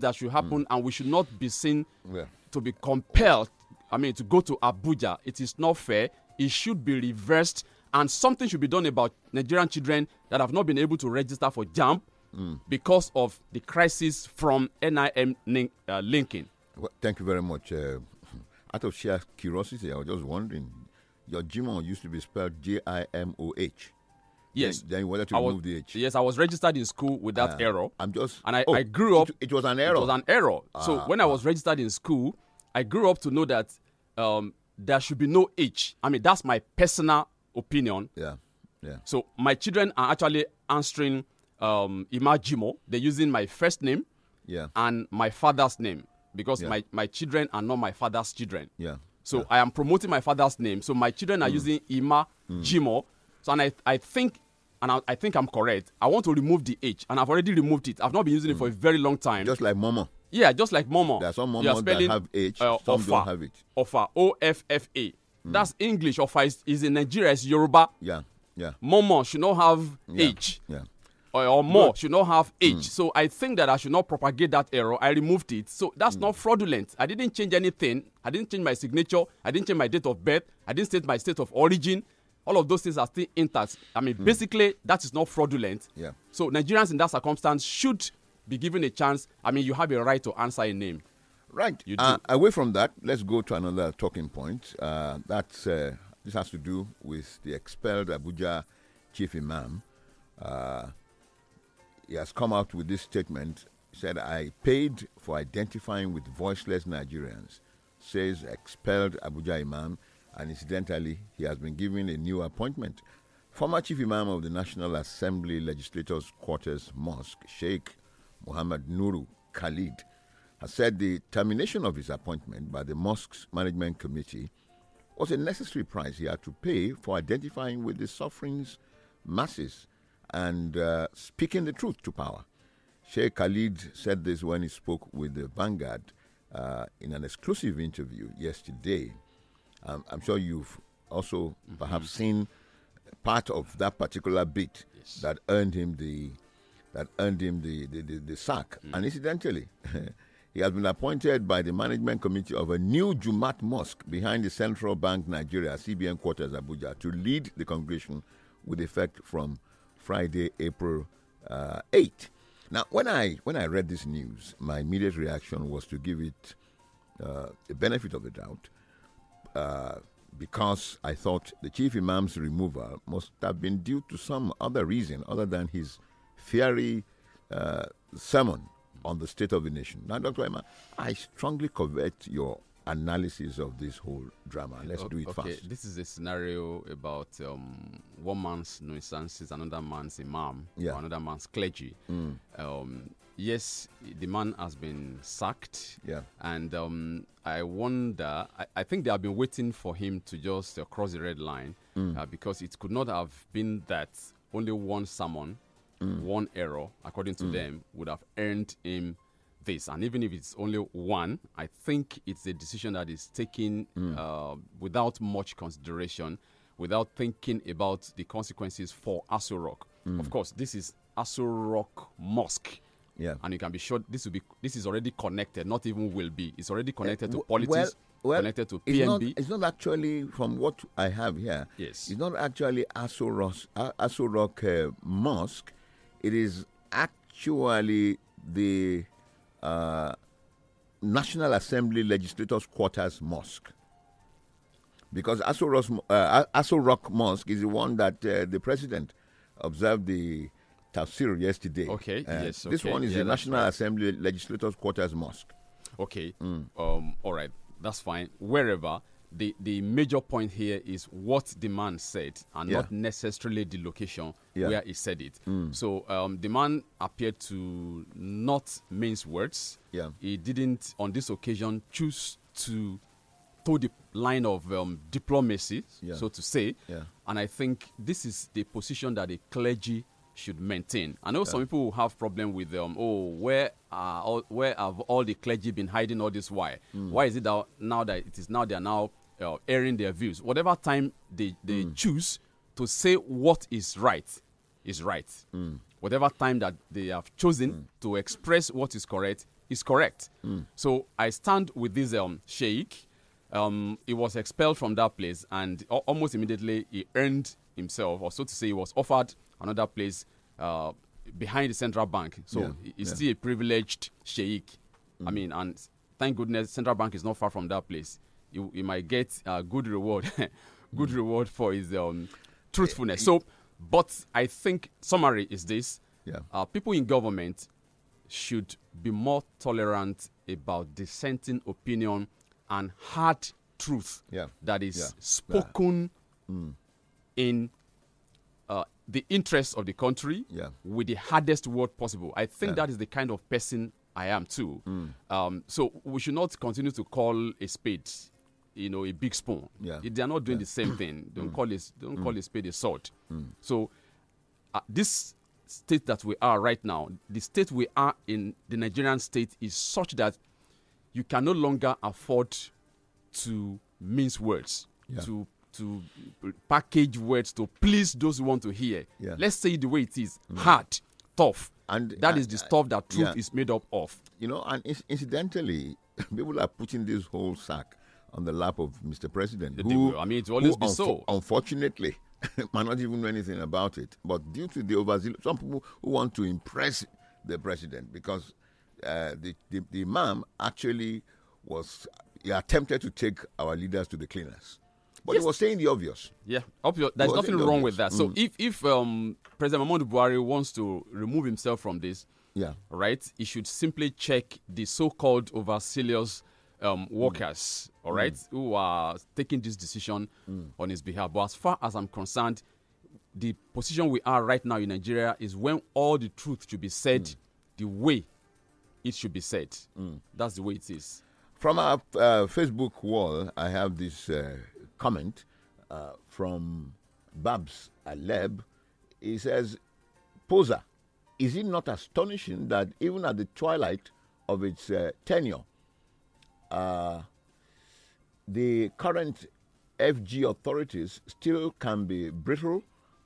that should happen, mm. and we should not be seen yeah. to be compelled. I mean, to go to Abuja, it is not fair. It should be reversed, and something should be done about Nigerian children that have not been able to register for JAMP mm. because of the crisis from NIM link, uh, linking. Well, thank you very much. Uh, out of sheer curiosity, I was just wondering. Your Jimon used to be spelled J I M O H. Yes. Then, then you wanted to I remove was, the H. Yes, I was registered in school with that uh, error. I'm just. And I, oh, I grew up. It, it, was an error. It was an error. Uh, so ah. when I was registered in school, I grew up to know that um, there should be no H. I mean, that's my personal opinion. Yeah. Yeah. So my children are actually answering um, Imajimo. They're using my first name. Yeah. And my father's name because yeah. my, my children are not my father's children. Yeah. So yeah. I am promoting my father's name. So my children are mm. using Ima mm. Jimo so and I, I think, and I, I think I'm correct. I want to remove the H, and I've already removed it. I've not been using mm. it for a mm. very long time. Just like Momo. Yeah, just like Momo. There are some Momo that have H, uh, some offer, don't have it. Offer, O F F A. Mm. That's English. Offer is, is in Nigeria, it's Yoruba. Yeah, yeah. Momo should not have yeah. H. Yeah. Or, more should not have mm. H. Mm. So I think that I should not propagate that error. I removed it. So that's mm. not fraudulent. I didn't change anything. I didn't change my signature. I didn't change my date of birth. I didn't state my state of origin all of those things are still intact. I mean, mm. basically, that is not fraudulent. Yeah. So Nigerians in that circumstance should be given a chance. I mean, you have a right to answer a name. Right. Uh, away from that, let's go to another talking point. Uh, that's uh, this has to do with the expelled Abuja chief imam. Uh, he has come out with this statement. said, "I paid for identifying with voiceless Nigerians," says expelled Abuja imam and incidentally, he has been given a new appointment. Former Chief Imam of the National Assembly Legislators Quarters Mosque, Sheikh Muhammad Nuru Khalid, has said the termination of his appointment by the mosque's management committee was a necessary price he had to pay for identifying with the suffering's masses and uh, speaking the truth to power. Sheikh Khalid said this when he spoke with the Vanguard uh, in an exclusive interview yesterday. Um, I'm sure you've also mm-hmm. perhaps seen part of that particular bit yes. that earned him the that earned him the the, the, the sack. Mm. And incidentally, he has been appointed by the management committee of a new Jumat mosque behind the Central Bank Nigeria CBN quarters Abuja to lead the congregation with effect from Friday, April uh, 8. Now, when I when I read this news, my immediate reaction was to give it uh, the benefit of the doubt uh, because I thought the chief imam's removal must have been due to some other reason other than his fiery uh, sermon on the state of the nation. Now, Dr. Emma, I strongly covet your analysis of this whole drama. Let's okay, do it okay. fast. This is a scenario about um, one man's nuisance is another man's imam, yeah. another man's clergy. Mm. Um, yes, the man has been sacked. Yeah. And um, I wonder, I, I, think they have been waiting for him to just uh, cross the red line mm. uh, because it could not have been that only one sermon, mm. one error, according to mm. them, would have earned him this. And even if it's only one, I think it's a decision that is taken mm. uh, without much consideration, without thinking about the consequences for Aso Rock. Mm. Of course, this is Aso Rock Mosque. Yeah. And you can be sure this will be this is already connected, not even will be. It's already eh, connected uh, to politics. Well, well, connected to PNB. It's not, it's not, actually from what I have here. Yes, it's not actually Aso Rock, Rock uh, Mosque. It is actually the uh, National Assembly Legislators Quarters Mosque. Because Aso, Ros, uh, Aso Rock Mosque is the one that uh, the president observed the tafsir yesterday. Okay, uh, yes. Okay. This one is yeah, the National right. Assembly Legislators Quarters Mosque. Okay, mm. um, all right, that's fine. Wherever the the major point here is what the man said and yeah. not necessarily the location yeah. where he said it. Mm. So um, the man appeared to not mince words. Yeah. He didn't on this occasion choose to toe the line of um, diplomacy, yeah. so to say. Yeah. And I think this is the position that the clergy should maintain. I know yeah. some people have problem with them. Um, oh, where are all, where have all the clergy been hiding all this? Why? Mm. Why is it that now that it is now they are now uh, airing their views. Whatever time they, they mm. choose to say what is right, is right. Mm. Whatever time that they have chosen mm. to express what is correct, is correct. Hmm. So I stand with this um, sheikh. Um, he was expelled from that place and almost immediately he earned himself, or so to say, he was offered another place uh, behind the central bank. So yeah, he's yeah. still a privileged sheikh. I hmm. mean, and thank goodness central bank is not far from that place you, you might get a good reward, good mm. reward for his um, eh, truthfulness. Eh, so, but I think summary is this: yeah. uh, people in government should be more tolerant about dissenting opinion and hard truth yeah. that is yeah. spoken mm. in uh, the interests of the country with the hardest word possible. I think that is the kind of person I am too. Mm. Um, so we should not continue to call a spade you know a big spoon. Yeah. They are not doing yeah. the same thing. Don't mm. call it don't mm. call it spade a sword. Mm. So uh, this state that we are right now, the state we are in, the Nigerian state is such that you can no longer afford to mince words, yeah. to to package words to please those who want to hear. Yeah. Let's say the way it is, mm. hard, tough. And that is the stuff that truth is made up of. You know, and incidentally, people are putting this whole sack on the lap of Mr. President, who, I mean, it's always who, so. Unfortunately, might not even know anything about it. But due to the overzealous, some people who want to impress the president because uh, the, the, the imam actually was he attempted to take our leaders to the cleaners. But yes. he was saying the obvious. Yeah, obvious. There's nothing the wrong obvious. with that. So mm. if if um, President Mahmoud Buhari wants to remove himself from this, yeah, right, he should simply check the so-called overzealous um, mm. workers, all right, mm. who are taking this decision mm. on his behalf. But as far as I'm concerned, the position we are right now in Nigeria is when all the truth should be said the way it should be said. That's the way it is. From our uh, Facebook wall, I have this uh, comment uh, from Babs Aleb. He says, Posa, is it not astonishing that even at the twilight of its uh, tenure, uh, the current FG authorities still can be brittle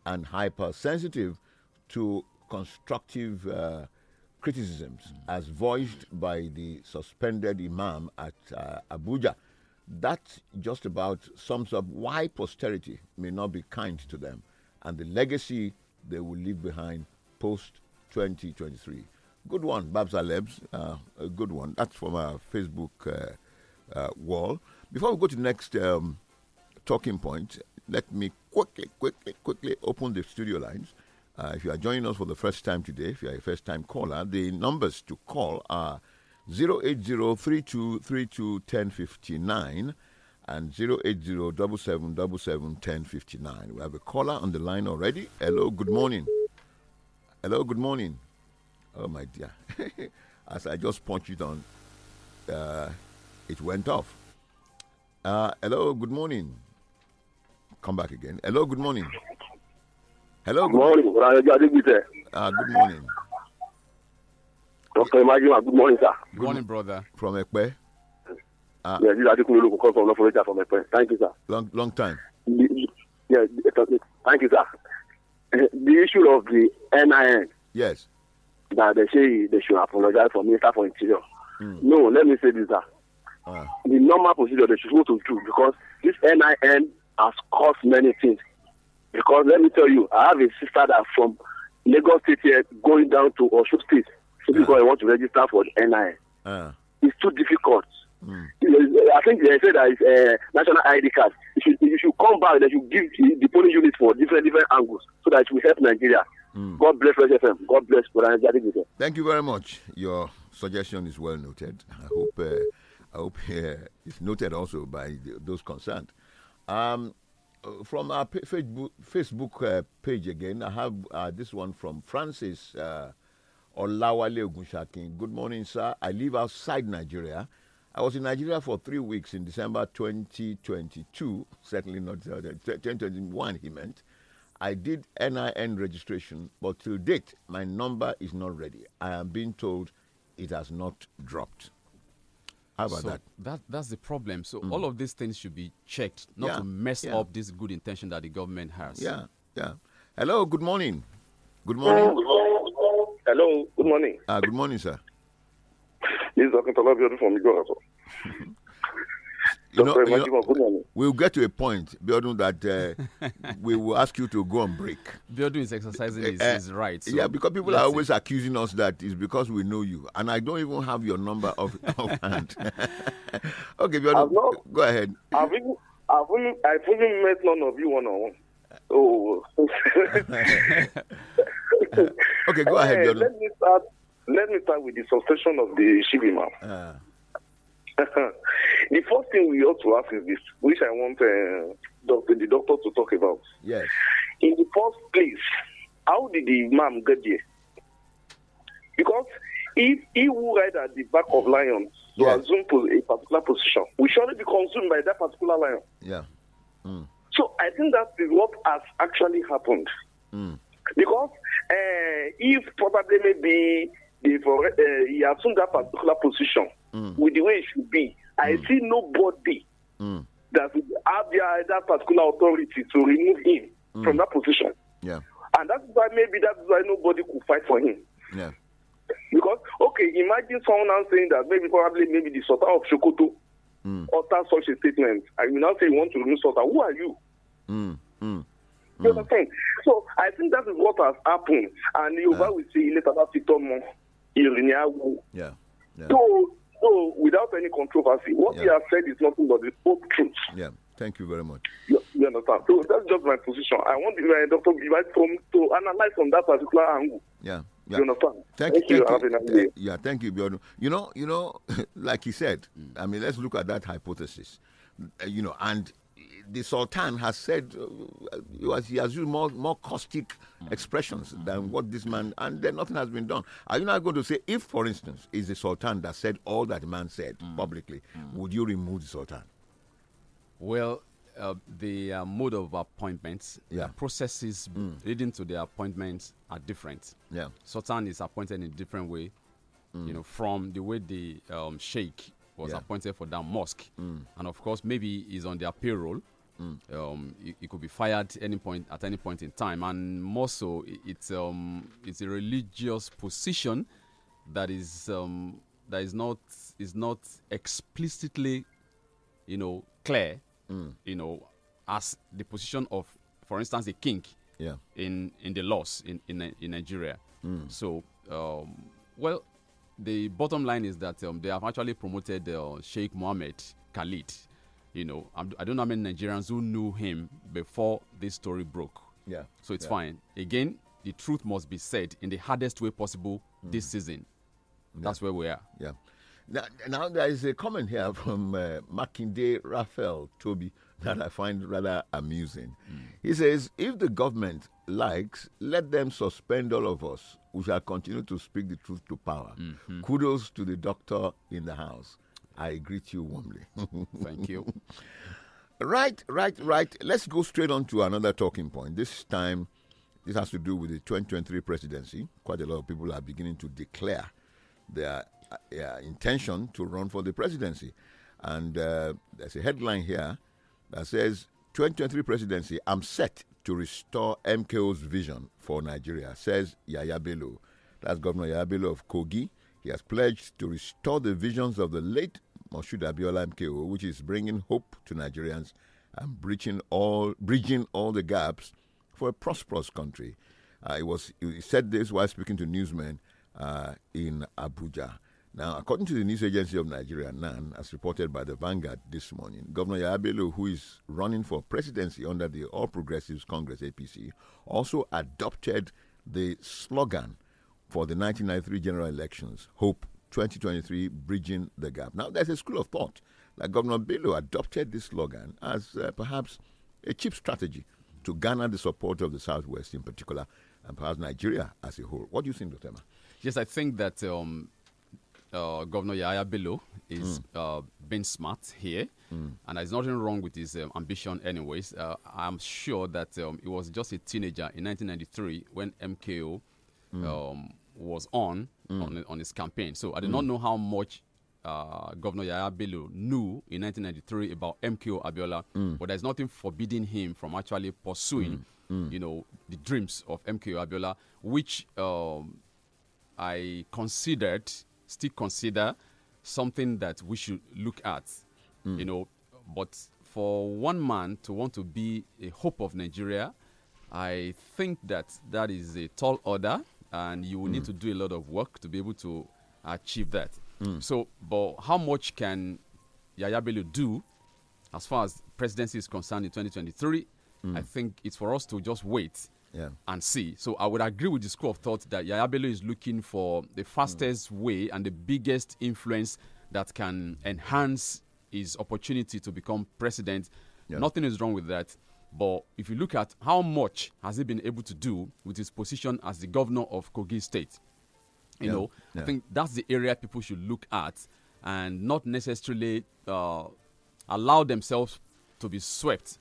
and hypersensitive to constructive uh, criticisms mm. as voiced by the suspended imam at uh, Abuja. That just about sums up why posterity may not be kind to them and the legacy they will leave behind post 2023. Good one, Babs Alebs. Uh, a good one. That's from our Facebook uh, uh, wall. Before we go to the next um, talking point, let me quickly, quickly, quickly open the studio lines. Uh, if you are joining us for the first time today, if you are a first time caller, the numbers to call are 080-3232-1059 and 080-7777-1059. We have a caller on the line already. Hello, good morning. Hello, good morning. Oh my dear. As I just punched it on, uh, it went off. Uh, hello, good morning. Come back again. Hello, good morning. Hello, good morning. Uh, good morning. Dr. Imagine, good morning, sir. Good morning, brother. From Ekpe. Uh, yes, this is Adekunle Olokun call from Loforica from Ekpe. Thank you, sir. Long, long time. Yes, thank you, sir. The issue of the NIN. Yes that they say they should apologize for Minister for Interior. Mm. No, let me say this. Ah, Uh. The normal procedure they should go to do because this NIN has caused many things. Because let me tell you, I have a sister that from Lagos State here going down to Osun State simply uh. because I want to register for the NIN. Uh. Ah. It's too difficult. Mm. I think they said that it's a uh, national ID card. You should, should come back. They should give the polling units for different different angles so that it will help Nigeria. Mm. God bless Fresh FM. God bless Quran Thank you very much. Your suggestion is well noted. I hope uh, I hope uh, it's noted also by those concerned. Um, uh, from our Facebook, Facebook uh, page again, I have uh, this one from Francis uh, Olawale Ogunshakin. Good morning, sir. I live outside Nigeria. I was in Nigeria for three weeks in December 2022, certainly not uh, 2021, he meant. I did NIN registration, but till date, my number is not ready. I am being told it has not dropped. How about so that? that? That's the problem. So mm. all of these things should be checked, not yeah, to mess yeah. up this good intention that the government has. Yeah, yeah. Hello, good morning. Good morning. Hello, good morning. Ah, good morning, sir. This is Dr. Olavio from you know, you know, we'll get to a point, Biodun, that uh, we will ask you to go on break. Biodun is exercising eh, his, uh, his rights. So yeah, because people are always it. accusing us that it's because we know you. And I don't even have your number of, of hand. okay, Biodun, not, go ahead. I've even, I've, even, I've even met none of you one on one. Oh. okay, go ahead, eh, Biodun. Let me start, let me start with the substitution of the Shibima. Uh. Ah the first thing we ought to ask is this, which I want uh, doctor, the doctor to talk about. Yes. In the first place, how did the imam get there? Because if he will ride at the back of lions to yeah. assume a particular position, we surely be consumed by that particular lion. Yeah. Mm. So I think that is what has actually happened. Mm. Because uh, if probably maybe they uh, he assumed that particular position, mm. with the way it should be. I mm. see nobody mm. that would have the, uh, that particular authority to remove him mm. from that position. Yeah. And that's why maybe that's why nobody could fight for him. Yeah. Because, okay, imagine someone now saying that maybe probably maybe the Sultan of Shokoto mm. utter such a statement. I will now say you want to remove Sultan. Who are you? Mm. Mm. You mm. understand? So I think that is what has happened. And you yeah. will see later that Victor Mo, Yeah. yeah. So so, without any controversy, what yeah. he has said is nothing but the whole truth. Yeah. Thank you very much. You, you, understand? So that's just my position. I want uh, Dr. Givai from to analyze from that particular angle. Yeah. Yeah. You understand? Thank, thank you. Thank you. you. yeah, thank you, Bjorn. You know, you know, like he said, I mean, let's look at that hypothesis. Uh, you know, and the Sultan has said, uh, he has used more, more caustic expressions mm. than what this man, and then nothing has been done. Are you not going to say, if, for instance, is the Sultan that said all that man said mm. publicly, mm. would you remove the Sultan? Well, uh, the uh, mode of appointments, uh, yeah. processes mm. leading to the appointments are different. Yeah. Sultan is appointed in a different way, mm. you know, from the way the um, sheikh was yeah. appointed for that mosque. Mm. And of course, maybe he's on their payroll. Mm. Um, could be fired any point at any point in time, and more so, it's um, it's a religious position that is um, that is not is not explicitly, you know, clear. Mm. You know, as the position of, for instance, a king. Yeah. In in the laws in in, in Nigeria. Mm. So, um, well, the bottom line is that um, they have actually promoted uh, Sheikh Mohammed Khalid you know, I'm, I do not know how many Nigerians who knew him before this story broke. Yeah. So it's yeah. fine. Again, the truth must be said in the hardest way possible mm. this season. Yeah. That's where we are. Yeah. Now, now, there is a comment here from uh, Makinde Raphael Toby that I find rather amusing. Mm. He says, If the government likes, let them suspend all of us. We shall continue to speak the truth to power. Mm -hmm. Kudos to the doctor in the house. I greet you warmly. Thank you. Right, right, right. Let's go straight on to another talking point. This time, this has to do with the 2023 presidency. Quite a lot of people are beginning to declare their, intention to run for the presidency. And uh, there's a headline here that says 2023 presidency, I'm set to restore MKO's vision for Nigeria, says Yaya Bello. That's Governor Yaya Bello of Kogi. He has pledged to restore the visions of the late Moshood Abiola MKO, which is bringing hope to Nigerians and bridging all, bridging all the gaps for a prosperous country. Uh, he, was, he said this while speaking to newsmen uh, in Abuja. Now, according to the news agency of Nigeria, NAN, as reported by the Vanguard this morning, Governor Yabelo, who is running for presidency under the All Progressives Congress APC, also adopted the slogan for the 1993 general elections, Hope 2023 Bridging the Gap. Now, there's a school of thought that Governor Bello adopted this slogan as uh, perhaps a cheap strategy to garner the support of the Southwest in particular, and perhaps Nigeria as a whole. What do you think, Dr. Emma? Yes, I think that um, uh, Governor Yaya Bello is mm. uh, being smart here, mm. and there's nothing wrong with his um, ambition, anyways. Uh, I'm sure that um, he was just a teenager in 1993 when MKO mm. Um, was on mm. on, on his campaign. So I did mm. not know how much uh, Governor Yaya Bello knew in 1993 about MKO Abiola, mm. but there's nothing forbidding him from actually pursuing, mm. Mm. you know, the dreams of MKO Abiola, which um, I considered, still consider, something that we should look at, mm. you know. But for one man to want to be a hope of Nigeria, I think that that is a tall order and you will need mm. to do a lot of work to be able to achieve that. Mm. So, but how much can Yaya do as far as presidency is concerned in 2023? Mm. I think it's for us to just wait yeah. and see. So I would agree with the school of thought that Yaya is looking for the fastest mm. way and the biggest influence that can enhance his opportunity to become president. Yeah. Nothing is wrong with that. But if you look at how much has he been able to do with his position as the governor of Kogi State, you yeah. know, yeah. I think that's the area people should look at and not necessarily uh, allow themselves to be swept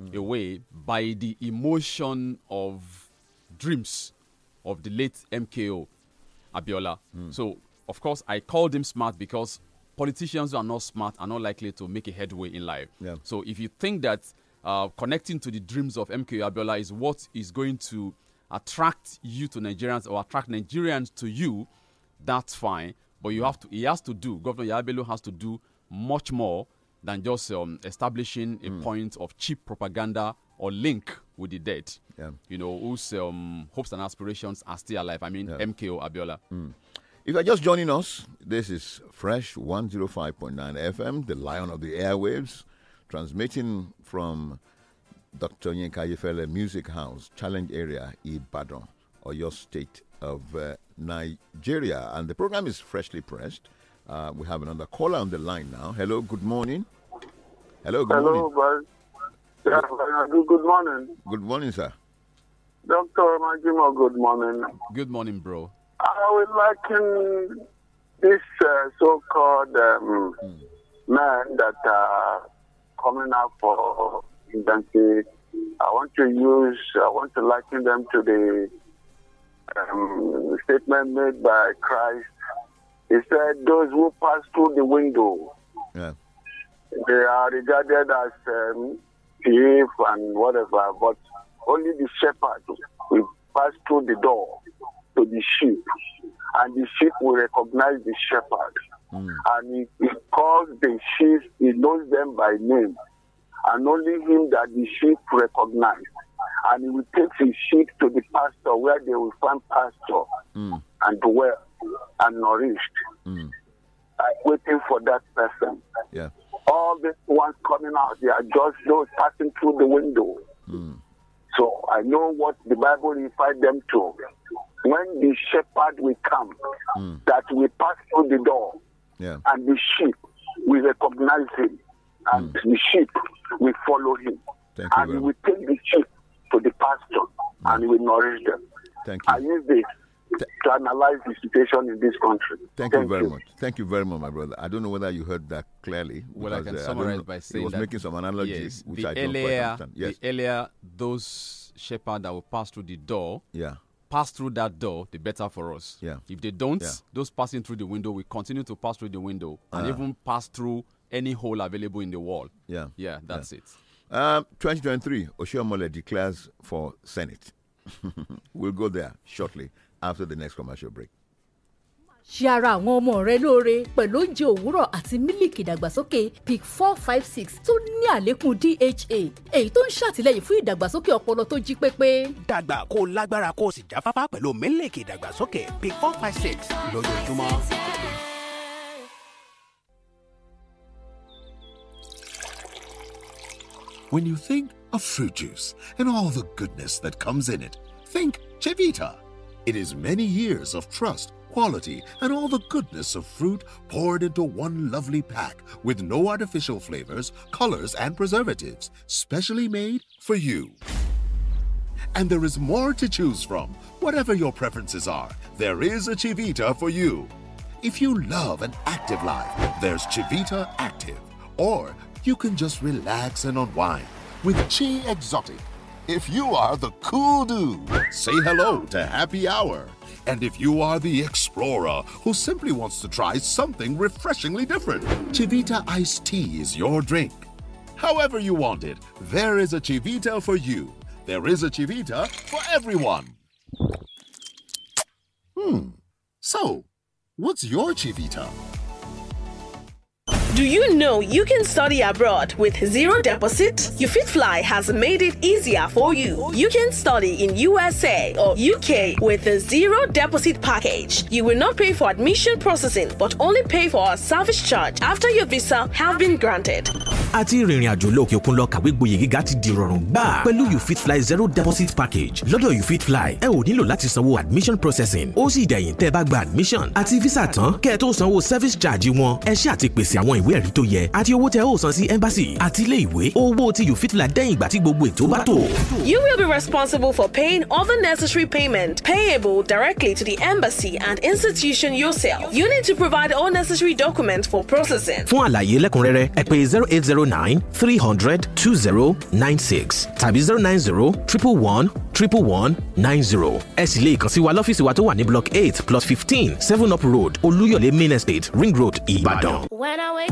mm. away by the emotion of dreams of the late MKO Abiola. Mm. So, of course, I called him smart because politicians who are not smart are not likely to make a headway in life. Yeah. So, if you think that uh, connecting to the dreams of MK Abiola is what is going to attract you to Nigerians or attract Nigerians to you, that's fine. But you have to, he has to do, Governor Yabelo has to do much more than just um, establishing a mm. point of cheap propaganda or link with the dead. Yeah. You know, whose um, hopes and aspirations are still alive. I mean, yeah. MKO Abiola. Mm. If you're just joining us, this is Fresh 105.9 FM, the lion of the airwaves transmitting from Dr. Yinka Yefele Music House, Challenge Area, Ibadan, or your state of uh, Nigeria. And the program is freshly pressed. Uh, we have another caller on the line now. Hello, good morning. Hello, good Hello, morning. Yeah, good morning. Good morning, sir. Dr. Majima, good morning. Good morning, bro. I would like this uh, so called um, mm. man that uh, coming up for infancy. I want to use, I want to liken them to the um, statement made by Christ. He said, Those who pass through the window, yeah. they are regarded as um, thief and whatever, but only the shepherd will pass through the door to the sheep, and the sheep will recognize the shepherd. Mm. And he, he calls the sheep, he knows them by name. And only him that the sheep recognize. And he will take his sheep to the pastor where they will find pastor mm. and well and nourished. Mm. I'm waiting for that person. Yeah. All these ones coming out, they are just those passing through the window. Mm. So I know what the Bible refers them to. When the shepherd will come, mm. that we pass through the door, yeah. And the sheep, we recognize him. And mm. the sheep, we follow him. Thank and you, we take the sheep to the pastor mm. and we nourish them. Thank you. I use this to analyze the situation in this country. Thank, Thank you very you. much. Thank you very much, my brother. I don't know whether you heard that clearly. Well, I can uh, summarize I by saying he was making some analogies, yes, which I earlier, don't quite understand. Yes. The earlier those shepherds that will pass through the door, yeah pass through that door, the better for us. Yeah. If they don't, yeah. those passing through the window will continue to pass through the window and uh-huh. even pass through any hole available in the wall. Yeah. Yeah, that's yeah. it. Um, 2023, Oshiomole declares for Senate. we'll go there shortly after the next commercial break ṣe ara àwọn ọmọ rẹ lóore pẹ̀lú oúnjẹ òwúrọ̀ àti mílìkì ìdàgbàsókè pic four five six tó ní àlékún dha èyí tó ń ṣàtìlẹ́yìn fún ìdàgbàsókè ọpọlọ tó jí pépé. dàgbà kó lágbára kó o sì jáfáfá pẹ̀lú mílìkì ìdàgbàsókè pic four five six lójoojúmọ́. When you think of fruit juice and all the goodness that comes in it, think Chivita. It is many years of trust quality, and all the goodness of fruit poured into one lovely pack with no artificial flavors, colors, and preservatives, specially made for you. And there is more to choose from. Whatever your preferences are, there is a Chivita for you. If you love an active life, there's Chivita Active. Or you can just relax and unwind with Chi Exotic. If you are the cool dude, say hello to Happy Hour. And if you are the explorer who simply wants to try something refreshingly different, Chivita iced tea is your drink. However you want it, there is a Chivita for you. There is a Chivita for everyone. Hmm. So, what's your Chivita? Do you know you can study abroad with zero deposit? UFitFly has made it easier for you. You can study in USA or UK with a zero deposit package. You will not pay for admission processing but only pay for a service charge after your visa have been granted. àti ìrìnrìn àjò lóòkè òkun lọ kàwé gboyè gíga ti di rọrùn gbà pẹ̀lú UFitFly zero deposit package lọ́dọ̀ UFitFly ẹ ò nílò láti sanwó admission processing ó sì dẹ̀yìn tẹ́ ẹ bá gba admission àti visa tán kẹ́ ẹ tó sanwó service charge wọn ẹ ṣe àti pèsè àwọn ìwé ẹ̀rí tó yẹ àti owó tẹ́ ó san sí embassy àti ilé ìwé owó tí you fit dẹ́yìn ìgbà tí gbogbo ètò bá tó. You will be responsible for paying all the necessary payment payable directly to the embassy and institution yourself. You need to provide all necessary documents for processing. Fún àlàyé lẹ́kùnrẹ́rẹ́ ẹ pè zero eight zero nine three hundred two zero nine six tàbí zero nine zero triple one triple one nine zero. ẹ sì lè kàn sí wa lọ́fíìsì wa tó wà ní block eight plus fifteen seven up road olúyọ̀lé main estate ring road ìbàdàn. When I wake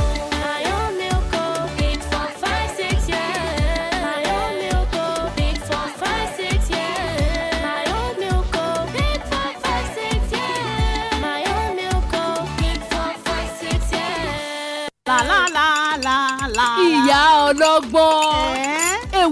ọlọ́gbọ́n.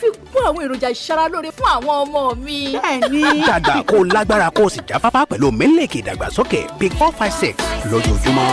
fi kún àwọn èròjà ìṣaralóore fún àwọn ọmọ mi. bẹ́ẹ̀ni. dàgbà kó lágbára kó o sì jáfáfá pẹ̀lú mílíkì ìdàgbàsókè big four five six lójoojúmọ́.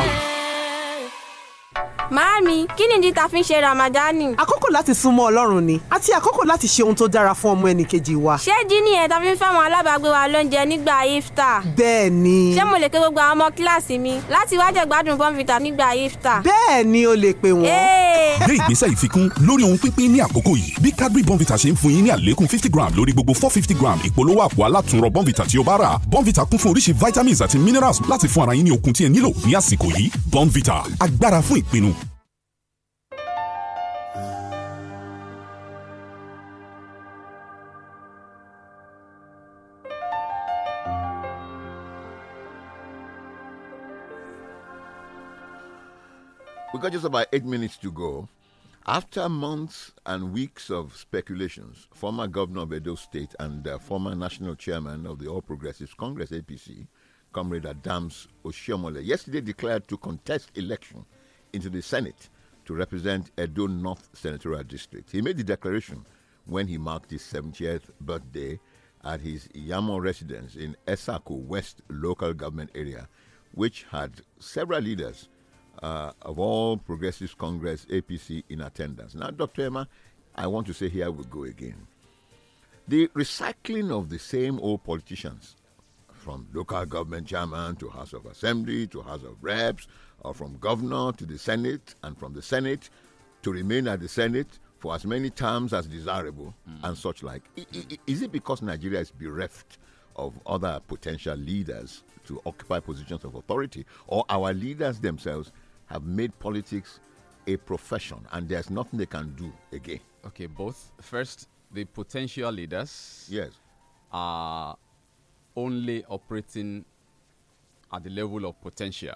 Màámi, kí nìdí ta fi ń ṣe Ramadani? Àkókò láti súnmọ́ Ọlọ́run ni, àti àkókò láti ṣe ohun tó dára fún ọmọ ẹnìkejì wa. Ṣé jíní ẹ̀ ta fi ń fẹ́ àwọn alábàágbé wa lóúnjẹ nígbà iftar? Bẹ́ẹ̀ni. Ṣé mo lè pe gbogbo àwọn ọmọ kíláàsì mi láti wá jẹ gbádùn bọ́ǹfìtà nígbà iftar? Bẹ́ẹ̀ni, o lè pè wọ́n ìgbésẹ̀ ìfikún lórí ohun pínpín ní àkókò yìí bí Cadbury Bonvita ṣe ń fún yín ní àlékún fifty gram lórí gbogbo four fifty gram ìpolówó àpò alátùnrọ̀ Bonvita tí o bá rà Bonvita kún fún oríṣi vitamins àti minerals láti fún ara yín ní okun tí ẹ nílò ní àsìkò yìí Bonvita agbára fún ìpinnu. We got just about eight minutes to go. After months and weeks of speculations, former governor of Edo State and uh, former national chairman of the All Progressives Congress APC, Comrade Adams Oshiomole, yesterday declared to contest election into the Senate to represent Edo North Senatorial District. He made the declaration when he marked his 70th birthday at his Yamo residence in Esako West local government area, which had several leaders uh, of all Progressive Congress APC in attendance. Now, Dr. Emma, I want to say here we go again. The recycling of the same old politicians from local government chairman to House of Assembly to House of Reps, or from governor to the Senate, and from the Senate to remain at the Senate for as many terms as desirable, mm. and such like. is it because Nigeria is bereft of other potential leaders to occupy positions of authority or our leaders themselves have made politics a profession and there's nothing they can do again. Okay, both. First, the potential leaders yes. are only operating at the level of potential.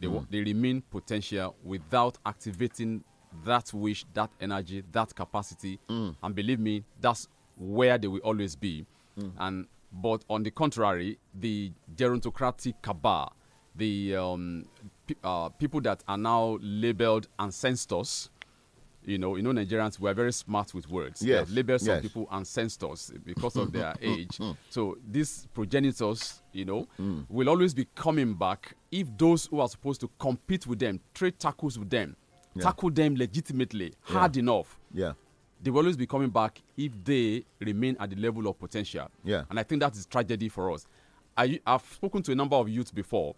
They, mm. they remain potential without activating that wish, that energy, that capacity. Mm. And believe me, that's where they will always be. Mm. And but on the contrary, the gerontocratic cabal, the um, pe uh, people that are now labeled ancestors, you know, you know, Nigerians were very smart with words. Yes. They label some yes. people ancestors because of their age. Hmm. so these progenitors, you know, mm. will always be coming back if those who are supposed to compete with them, trade tackles with them, yeah. tackle them legitimately, yeah. hard enough. Yeah they will always be coming back if they remain at the level of potential. Yeah. And I think that is tragedy for us. I, have spoken to a number of youths before,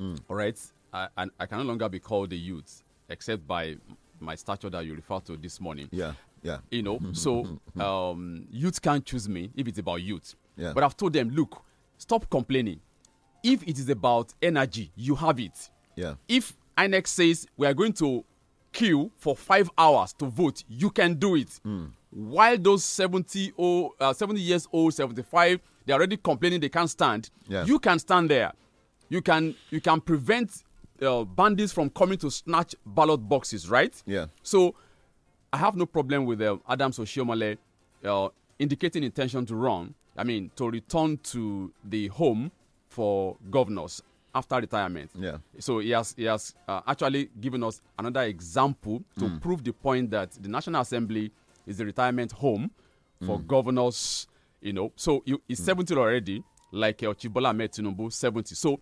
mm. all right? I, and I can no longer be called a youth, except by my stature that you referred to this morning. Yeah, yeah. You know, so um, youth can't choose me if it's about youth. Yeah. But I've told them, look, stop complaining. If it is about energy, you have it. Yeah. If INEC says we are going to queue for five hours to vote, you can do it. Mm. While those 70, old, oh, uh, 70 years old, 75, they're already complaining they can't stand. You can stand there. You can you can prevent uh, bandits from coming to snatch ballot boxes, right? Yeah. So I have no problem with uh, Adams Oshiomale uh, indicating intention to run. I mean, to return to the home for governors after retirement. Yeah. So he has he has uh, actually given us another example to mm. prove the point that the National Assembly is the retirement home for mm. governors. You know, so you, he's mm. 70 already, like uh, Chibola Tinubu, 70. So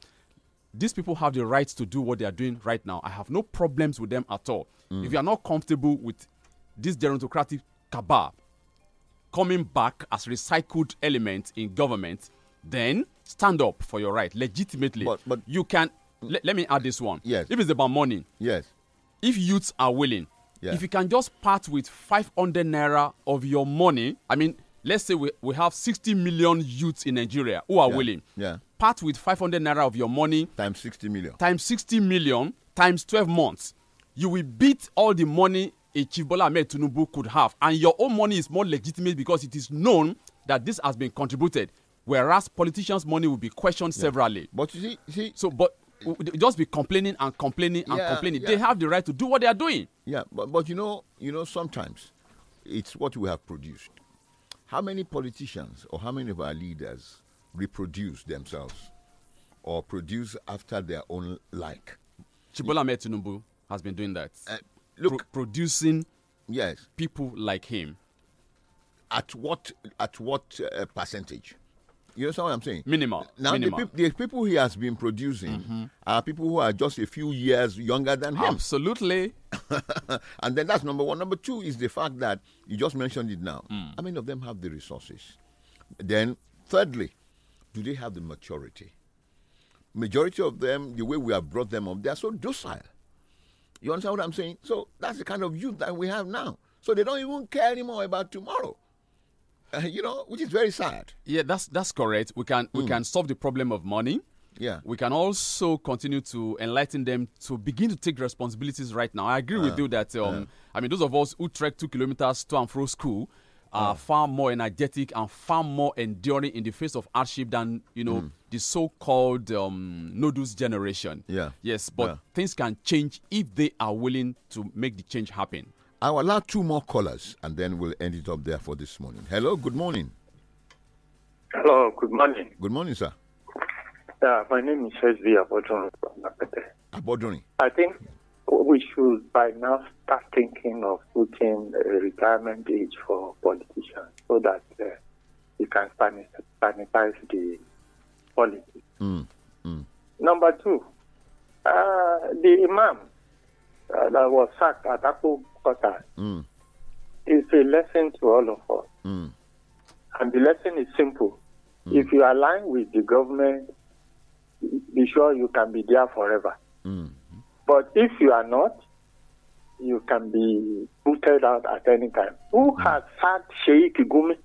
these people have the right to do what they are doing right now. I have no problems with them at all. Hmm. If you are not comfortable with this gerontocratic cabal coming back as recycled element in government, then stand up for your right legitimately. But, but you can. Le, let me add this one. Yes. If it's about money. Yes. If youths are willing. Yes. If you can just part with 500 naira of your money, I mean, let's say we, we have 60 million youths in Nigeria who are yeah. willing. Yeah. Part with 500 naira of your money. Times 60 million. Times 60 million times 12 months. You will beat all the money a Chief Bola Ahmed Tinubu could have. And your own money is more legitimate because it is known that this has been contributed whereas politicians' money will be questioned yeah. severally. But you see, see, so but just be complaining and complaining and yeah, complaining. Yeah. They have the right to do what they are doing. Yeah, but but you know, you know, sometimes it's what we have produced. How many politicians or how many of our leaders reproduce themselves or produce after their own like? Chibola Metinumbu has been doing that. Uh, look, Pro producing yes people like him. At what at what uh, percentage? You understand what I'm saying? Minimal. Now Minimal. The, the, people he has been producing mm -hmm. are people who are just a few years younger than him. Absolutely. and then that's number one. Number two is the fact that you just mentioned it now. Mm. How many of them have the resources? Then, thirdly, do they have the maturity? Majority of them, the way we have brought them up, they are so docile. You understand what I'm saying? So that's the kind of youth that we have now. So they don't even care anymore about tomorrow uh, you know, which is very sad. Yeah, that's that's correct. We can we mm. can solve the problem of money. Yeah. We can also continue to enlighten them to begin to take responsibilities right now. I agree uh, with you that um, uh, I mean those of us who trek two kilometers to and fro school are uh. far more energetic and far more enduring in the face of hardship than you know mm. the so-called um, nodus generation. Yeah. Yes, but yeah. things can change if they are willing to make the change happen. I'll allow two more callers and then we'll end it up there for this morning. Hello, good morning. Hello, good morning. Good morning, sir. Yeah, my name is Hezbi Abodoni. I think we should by now start thinking of putting a uh, retirement age for politicians so that uh, you can sanitize the politics. Mm, mm. Number two, uh, the imam uh, that was sacked at Akpo Mm. It's mm. a lesson to all of us. Mm. And the lesson is simple. Mm. If you align with the government, be sure you can be there forever. Mm. But if you are not, you can be booted out at any time. Who mm. has had Sheikh Gumi?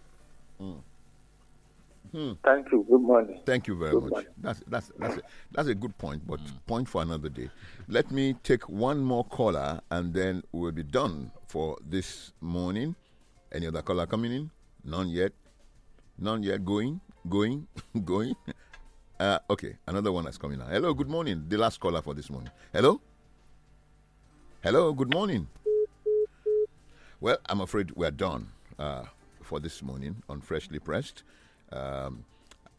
Hmm. Thank you. Good morning. Thank you very good much. That's that's that's a, that's a good point, but mm. point for another day. Let me take one more caller, and then we'll be done for this morning. Any other caller coming in? None yet. None yet. Going, going, going. Uh, okay, another one that's coming now. Hello, good morning. The last caller for this morning. Hello. Hello, good morning. Well, I'm afraid we're done uh, for this morning on Freshly Pressed. Um,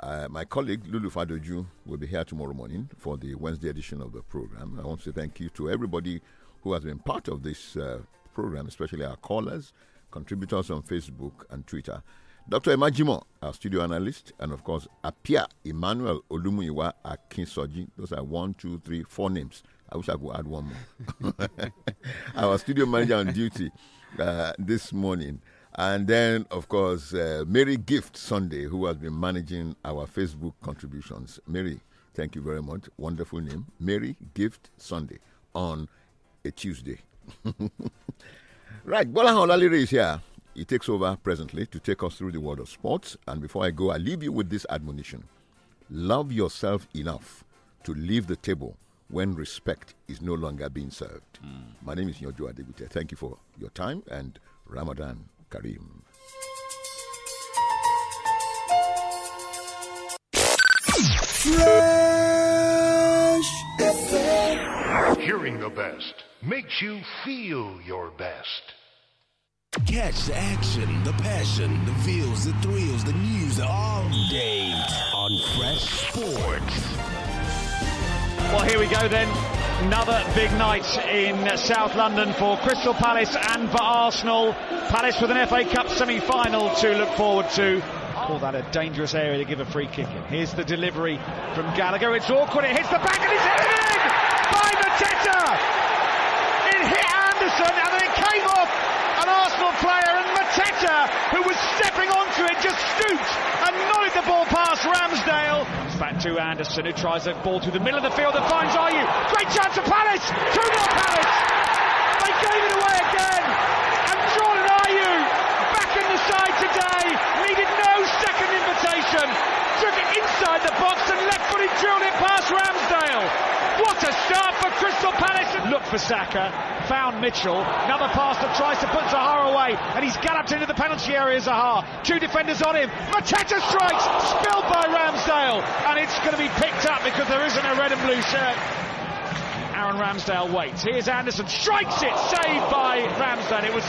uh, my colleague Lulu Fadoju will be here tomorrow morning for the Wednesday edition of the program. I want to thank you to everybody who has been part of this uh, program, especially our callers, contributors on Facebook and Twitter. Dr. Emajimo, our studio analyst, and of course, Apia Emmanuel Olumuyiwa Akinsoji. Those are one, two, three, four names. I wish I could add one more. our studio manager on duty uh, this morning, and then, of course, uh, Mary Gift Sunday, who has been managing our Facebook contributions. Mary, thank you very much. Wonderful name. Mary Gift Sunday on a Tuesday. right, Bola Olalire is here. He takes over presently to take us through the world of sports. And before I go, I leave you with this admonition Love yourself enough to leave the table when respect is no longer being served. Mm. My name is Nyojo Adebute. Thank you for your time and Ramadan Karim. Fresh Hearing the best makes you feel your best. Catch the action, the passion, the feels, the thrills, the news all day on Fresh Sports. Well, here we go then. Another big night in South London for Crystal Palace and for Arsenal. Palace with an FA Cup semi-final to look forward to. Call that a dangerous area to give a free kick in. Here's the delivery from Gallagher. It's awkward. It hits the back and it's headed in by Mateta. It hit Anderson and then it came off an Arsenal player and Mateta, who was stepping onto it, just stooped and nodded the ball past Ramsdale back to Anderson, who tries a ball through the middle of the field and finds Ayu. Great chance for Palace! 2 0 Palace! They gave it away again! And Jordan Ayu, back in the side today, needed no second invitation. Took it inside the box and left footed drilled it past Ramsdale. What a start for Crystal Palace! Look for Saka found Mitchell. Another pass that tries to put Zahar away, and he's galloped into the penalty area, Zahar, Two defenders on him. Mateta strikes, spilled by Ramsdale, and it's going to be picked up because there isn't a red and blue shirt. Aaron Ramsdale waits. Here's Anderson, strikes it, saved by Ramsdale. It was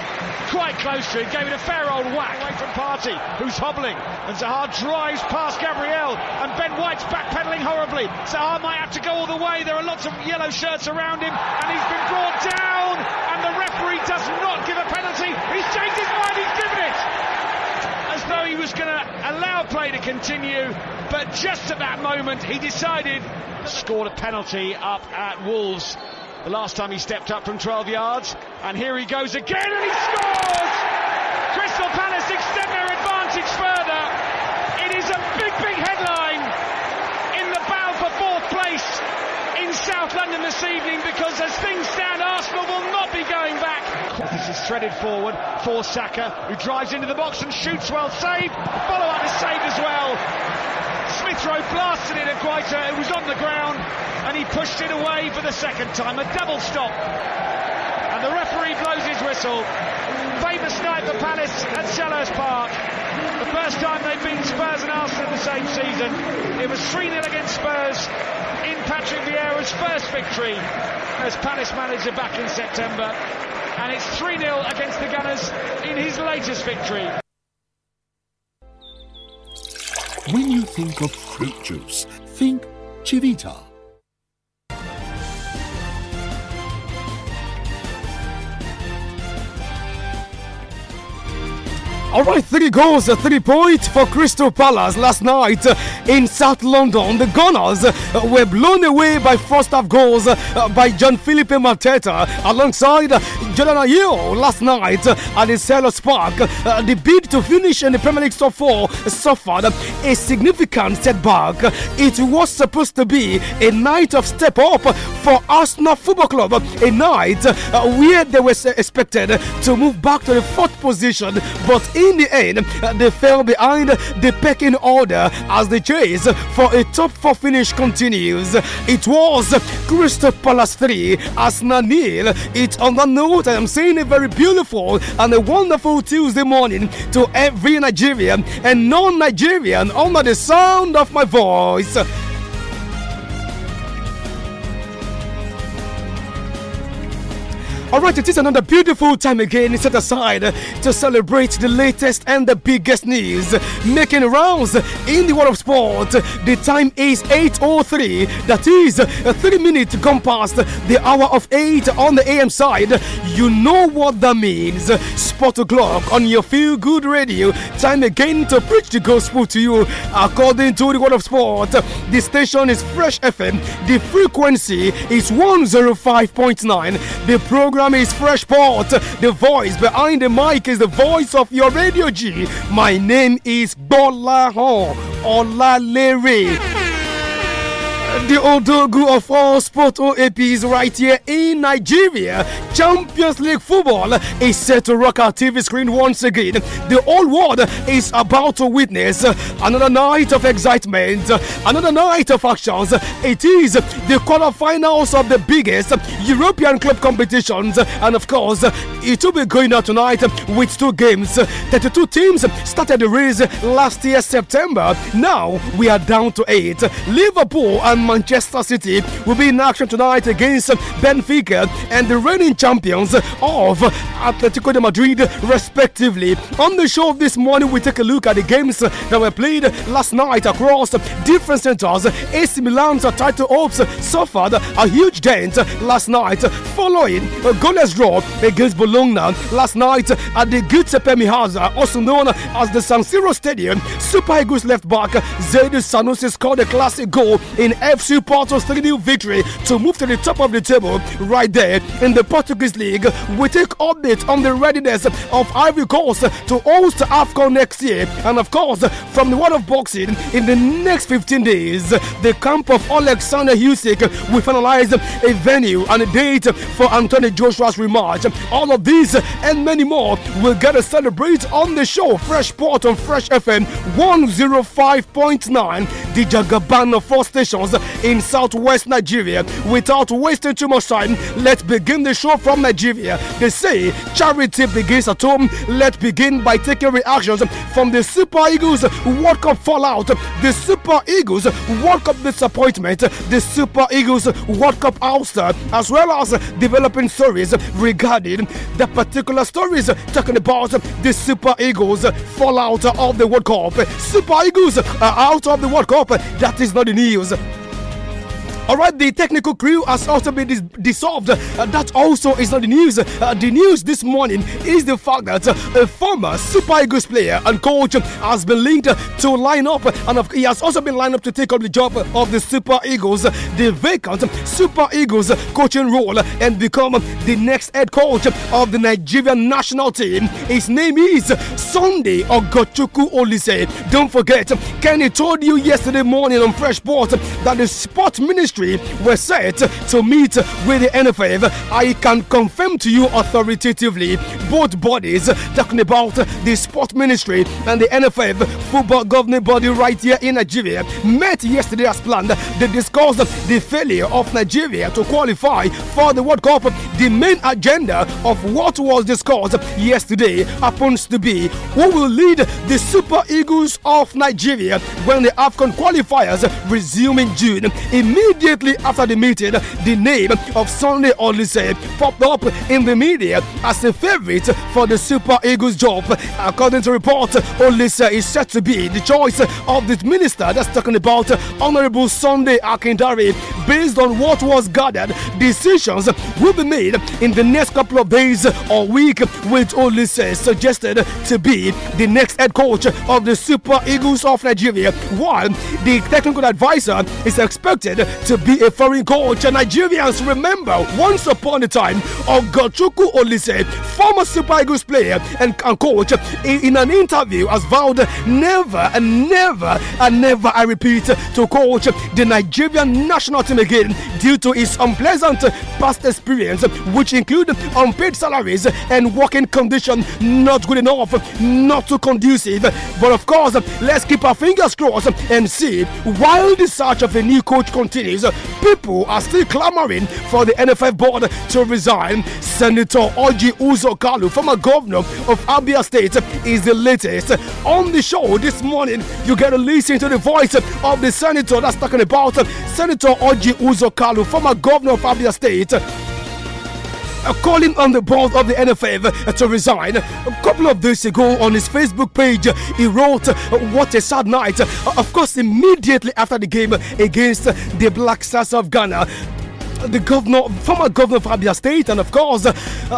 quite close to him, gave it a fair old whack away from Party, who's hobbling. And Zahar drives past Gabriel, and Ben White's backpedaling horribly. Zahar might have to go all the way. There are lots of yellow shirts around him, and he's been brought down. And the referee does not give a penalty. He's changed his mind though he was going to allow play to continue, but just at that moment he decided scored a penalty up at Wolves. The last time he stepped up from 12 yards, and here he goes again, and he scores! Crystal Palace extend their advantage further. It is a big, big headline in the battle for fourth place in South London this evening because as things stand, Arsenal will not be going back this is threaded forward for Saka, who drives into the box and shoots well. Saved. Follow up is saved as well. Smith Rowe blasted it at Guaita, was on the ground, and he pushed it away for the second time. A double stop. And the referee blows his whistle. Famous night for Palace at Sellers Park. The first time they've beaten Spurs and Arsenal in the same season. It was 3 0 against Spurs in Patrick Vieira's first victory as Palace manager back in September and it's 3 0 against the Gunners in his latest victory. When you think of fruit juice, think Chivita All right, three goals, uh, three points for Crystal Palace last night uh, in South London. The Gunners uh, were blown away by first half goals by John Philippe Mateta alongside Jordan Ayew last night at the Sellers Park. The bid to finish in the Premier League top four suffered a significant setback. It was supposed to be a night of step up for Arsenal Football Club, a night where they were expected to move back to the fourth position, but in in the end, they fell behind the pecking order as the chase for a top four finish continues. It was Crystal Palace 3, as nil. It's on that note, I am saying a very beautiful and a wonderful Tuesday morning to every Nigerian and non Nigerian under the sound of my voice. All right, it is another beautiful time again set aside to celebrate the latest and the biggest news making rounds in the world of sport. The time is 8.03, that is three minutes gone past the hour of 8 on the AM side. You know what that means. the o'clock on your feel good radio. Time again to preach the gospel to you according to the world of sport. The station is Fresh FM, the frequency is 105.9. The program Nami is Freshport. The voice behind the mic is the voice of your radio G. My name is Bola Ho Larry the Odogu of all sport OAP is right here in Nigeria. Champions League football is set to rock our TV screen once again. The whole world is about to witness another night of excitement, another night of actions. It is the quarterfinals of the biggest European club competitions, and of course, it will be going on tonight with two games. 32 teams started the race last year, September. Now we are down to eight. Liverpool and Manchester City will be in action tonight against Benfica and the reigning champions of Atletico de Madrid, respectively. On the show this morning, we take a look at the games that were played last night across different centers. AC Milan's title hopes suffered a huge dent last night following a goalless draw against Bologna last night at the Giuseppe Mihaza, also known as the San Siro Stadium. Super Eagles left back Zaidu Sanusi scored a classic goal in FC Porto's 3 0 victory to move to the top of the table right there in the Portuguese League. We take updates on the readiness of Ivory Coast to host AFCON next year. And of course, from the world of boxing, in the next 15 days, the camp of Alexander Husik will finalize a venue and a date for Anthony Joshua's rematch. All of these and many more will get to celebrate on the show. Fresh Port on Fresh FM 105.9, the Jagabana 4 stations in southwest Nigeria. Without wasting too much time, let's begin the show from Nigeria. They say charity begins at home. Let's begin by taking reactions from the Super Eagles World Cup fallout, the Super Eagles World Cup disappointment, the Super Eagles World Cup ouster, as well as developing stories regarding the particular stories talking about the Super Eagles fallout of the World Cup. Super Eagles are out of the World Cup. That is not the news. All right, the technical crew has also been dis dissolved. Uh, that also is not the news. Uh, the news this morning is the fact that uh, a former Super Eagles player and coach has been linked uh, to line up, uh, and he has also been lined up to take up the job of the Super Eagles, uh, the vacant Super Eagles coaching role, and become the next head coach of the Nigerian national team. His name is Sunday Ogochukwu Olise. Don't forget, Kenny told you yesterday morning on Fresh Port that the Sport Ministry ministry were set to meet with the NFF. I can confirm to you authoritatively both bodies talking about the sport ministry and the NFF football governing body right here in Nigeria met yesterday as planned. They discussed the failure of Nigeria to qualify for the World Cup. The main agenda of what was discussed yesterday happens to be who will lead the Super Eagles of Nigeria when the AFCON qualifiers resume in June. Immediately Immediately after the meeting, the name of Sunday Oliseh popped up in the media as a favorite for the Super Eagles job. According to reports, Oliseh is set to be the choice of the minister that's talking about Honorable Sunday Akindari. Based on what was gathered, decisions will be made in the next couple of days or week, with Oliseh suggested to be the next head coach of the Super Eagles of Nigeria, while the technical advisor is expected to to be a foreign coach. Nigerians remember once upon a time Ogochukwu Olise, former Super Eagles player and, coach, in, in, an interview has vowed never and never and never, I repeat, to coach the Nigerian national team again due to his unpleasant past experience, which include unpaid salaries and working condition not good enough, not too conducive. But of course, let's keep our fingers crossed and see while the search of a new coach continues people are still clamoring for the NFF board to resign. Senator Oji Uzokalu, former governor of Abia State, is the latest. On the show this morning, you get to listen to the voice of the senator that's talking about Senator Oji Uzokalu, former governor of Abia State. Uh, calling on the board of the NFF uh, to resign. A couple of days ago on his Facebook page, he wrote, uh, What a sad night. Of course, immediately after the game against the Black Stars of Ghana, the governor, former governor of Abia State, and of course, uh,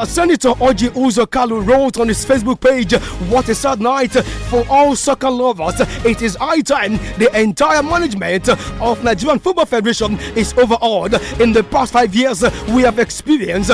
Senator Oji Uzokalu wrote on his Facebook page, What a sad night for all soccer lovers. It is high time the entire management of Nigerian Football Federation is overhauled. In the past five years, we have experienced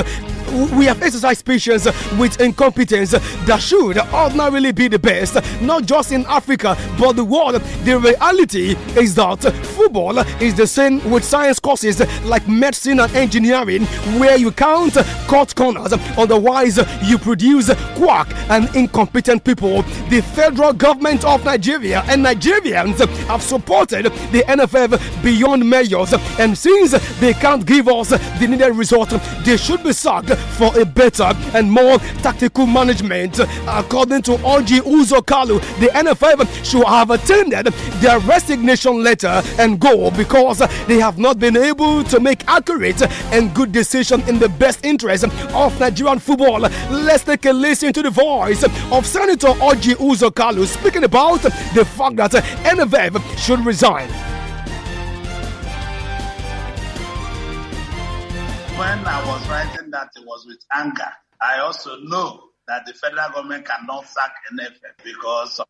we have exercised patience with incompetence that should ordinarily be the best, not just in Africa but the world. The reality is that football is the same with science courses like medicine and engineering, where you can't cut corners, otherwise, you produce quack and incompetent people. The federal government of Nigeria and Nigerians have supported the NFF beyond measures, and since they can't give us the needed result, they should be sacked for a better and more tactical management. According to Oji Uzokalu, the NFF should have attended their resignation letter and go because they have not been able to make accurate and good decision in the best interest of Nigerian football. Let's take a listen to the voice of Senator Oji Uzokalu speaking about the fact that NFF should resign. when I was writing that, it was with anger. I also know that the federal government cannot sack NFF because of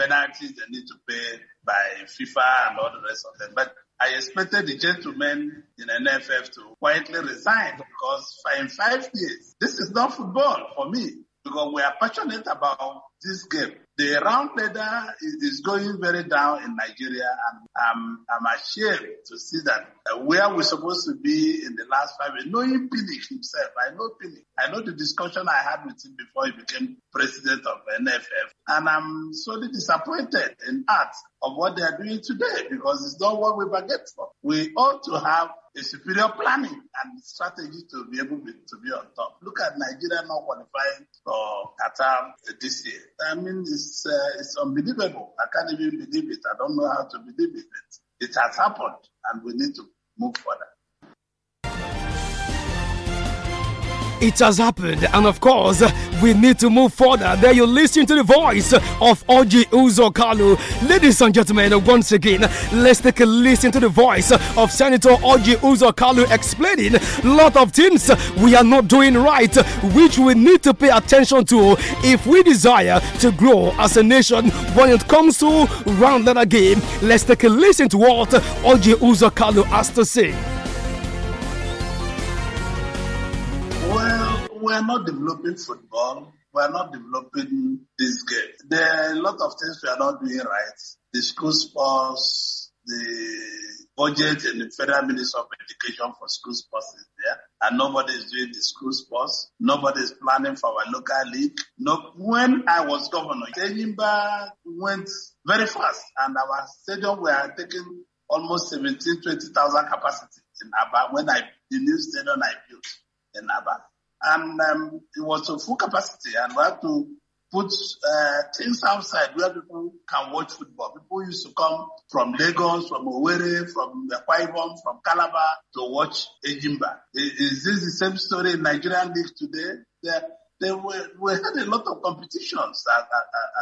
penalties they need to pay by FIFA and all the rest of them. But I expected the gentleman in NFF to quietly resign because in five years, this is not football for me because we are passionate about this game. The round leather is going very down in Nigeria, and I'm, I'm ashamed to see that uh, where we're supposed to be in the last five years. Knowing Pinnick himself, I know Pinnick. I know the discussion I had with him before he became president of NFF, and I'm sorely disappointed in that of what they are doing today because it's not what we bargained for. We ought to have a superior planning and strategy to be able to be on top. Look at Nigeria not qualifying for Qatar this year. I mean, it's, uh, it's unbelievable. I can't even believe it. I don't know how to believe it. It has happened, and we need to move further. It has happened, and of course, we need to move further. There you listen to the voice of Oji Uzokalu. Ladies and gentlemen, once again, let's take a listen to the voice of Senator Oji Uzokalu explaining a lot of things we are not doing right, which we need to pay attention to if we desire to grow as a nation when it comes to round letter game. Let's take a listen to what Oji Uzokalu has to say. we are not developing football. We are not developing this game. There are a lot of things we are not doing right. The school sports, the budget and the federal minister of education for school sports is there and nobody is doing the school sports nobody is planning for our local league no when i was governor Enyimba went very fast and our stadium were taking almost 17 20000 capacity in aba when i the new stadium i built in aba and um, it was to full capacity, and we had to put uh, things outside where people can watch football. People used to come from Lagos, from Owerri, from Ibom, from Calabar to watch Ejimba. Is, this the same story in Nigerian league today? There, there were, we had a lot of competitions as,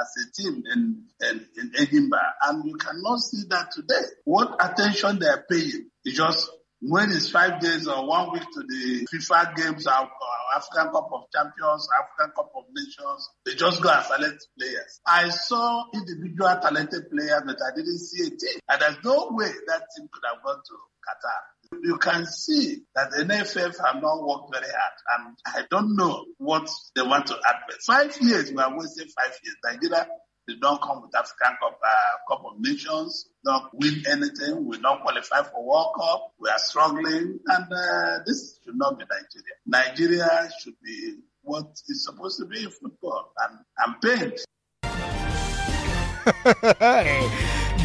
as, a team in, in, in Edinburgh, and you cannot see that today. What attention they are paying is just when it's five days or one week to the FIFA games, uh, African Cup of Champions, African Cup of Nations, they just go and select players. I saw individual talented players, but I didn't see a team. And there's no way that team could have gone to Qatar you can see that the NFF have not worked very hard, and I don't know what they want to advance. Five years, we are wasting five years. Nigeria they don't come with African Cup, uh, Cup of Nations, don't win anything. We don't qualify for World Cup. We are struggling. And uh, this should not be Nigeria. Nigeria should be what is supposed to be in football. And I'm pained.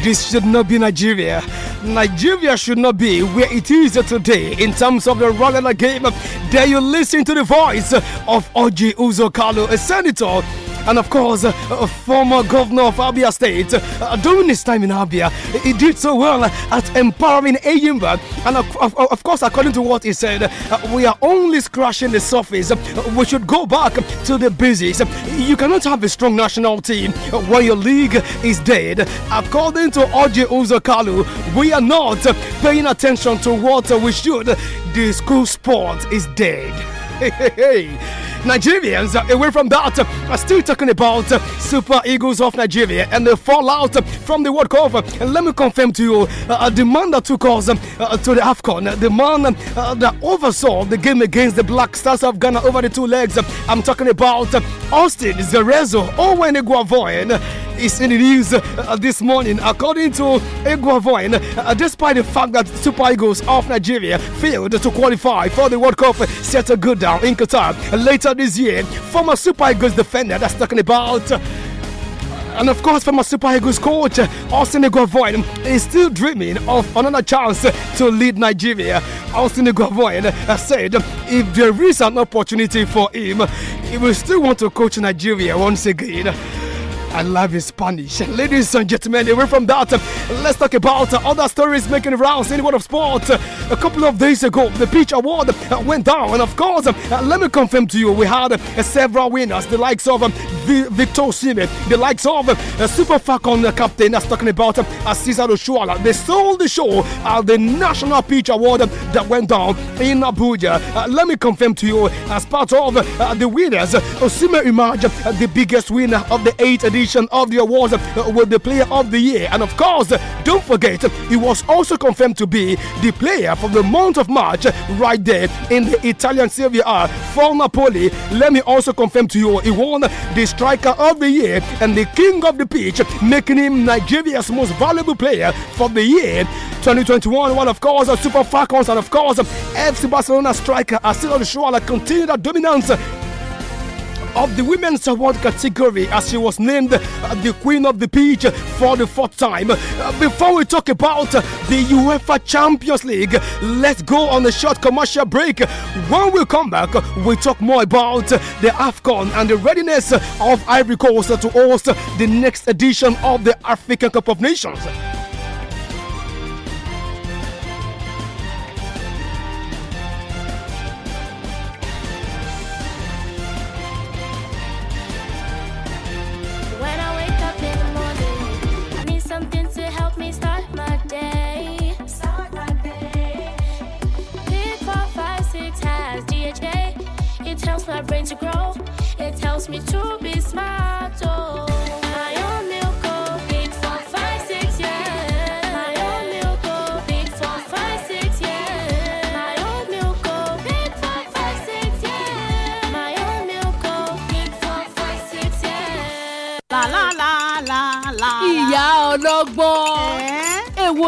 this should not be Nigeria. Nigeria should not be where it is today in terms of the running game. There you listen to the voice of Oji Uzokalo, a senator and of course, uh, former governor of Abia State. Uh, during his time in Abia, he did so well at empowering Ayimba. And of, of, of, course, according to what he said, uh, we are only scratching the surface. We should go back to the basics. You cannot have a strong national team when your league is dead. According to Oji Uzokalu, we are not paying attention to what we should. The school sport is dead. Hey, hey, hey. Nigerians uh, away from that uh, are still talking about uh, Super Eagles of Nigeria and the fallout from the World Cup. And let me confirm to you uh, the man that took us to the AFCON, the man that oversaw the game against the Black Stars of Ghana over the two legs. I'm talking about Austin Zerezo, Owen Iguavoin is in the news uh, this morning. According to Iguavoin, uh, despite the fact that Super Eagles of Nigeria failed to qualify for the World Cup set a good down in Qatar later this year, former Super Eagles defender that's talking about. Uh, and of course, former Super Eagles coach Austin Egovoin is still dreaming of another chance to lead Nigeria. Austin Egovoin uh, said if there is an opportunity for him, he will still want to coach Nigeria once again. I love his Spanish. Ladies and gentlemen, away from that, let's talk about other stories making rounds in the world of sport. A couple of days ago, the Peach Award went down, and of course, let me confirm to you, we had several winners, the likes of Victor Osimhen, the likes of uh, Super Falcon uh, captain that's talking about uh, Cesar Oshuala. They sold the show at the National Pitch Award that went down in Abuja. Uh, let me confirm to you, as part of uh, the winners, uh, Osimhen emerged uh, the biggest winner of the eighth edition of the awards uh, with the Player of the Year. And of course, don't forget, he was also confirmed to be the player for the month of March right there in the Italian Serie A for Napoli. Let me also confirm to you, he won this striker of the year and the king of the pitch, making him Nigeria's most valuable player for the year 2021. While, of course, Super Falcons and, of course, FC Barcelona striker Arsenal Schuala continue their dominance of the Women's Award category as she was named uh, the Queen of the Beach for the fourth time. Uh, before we talk about uh, the UEFA Champions League, let's go on a short commercial break. When we come back, we talk more about the AFCON and the readiness of Ivory Coast to host the next edition of the African Cup of Nations. my brain to grow. It helps me to be smart. Oh.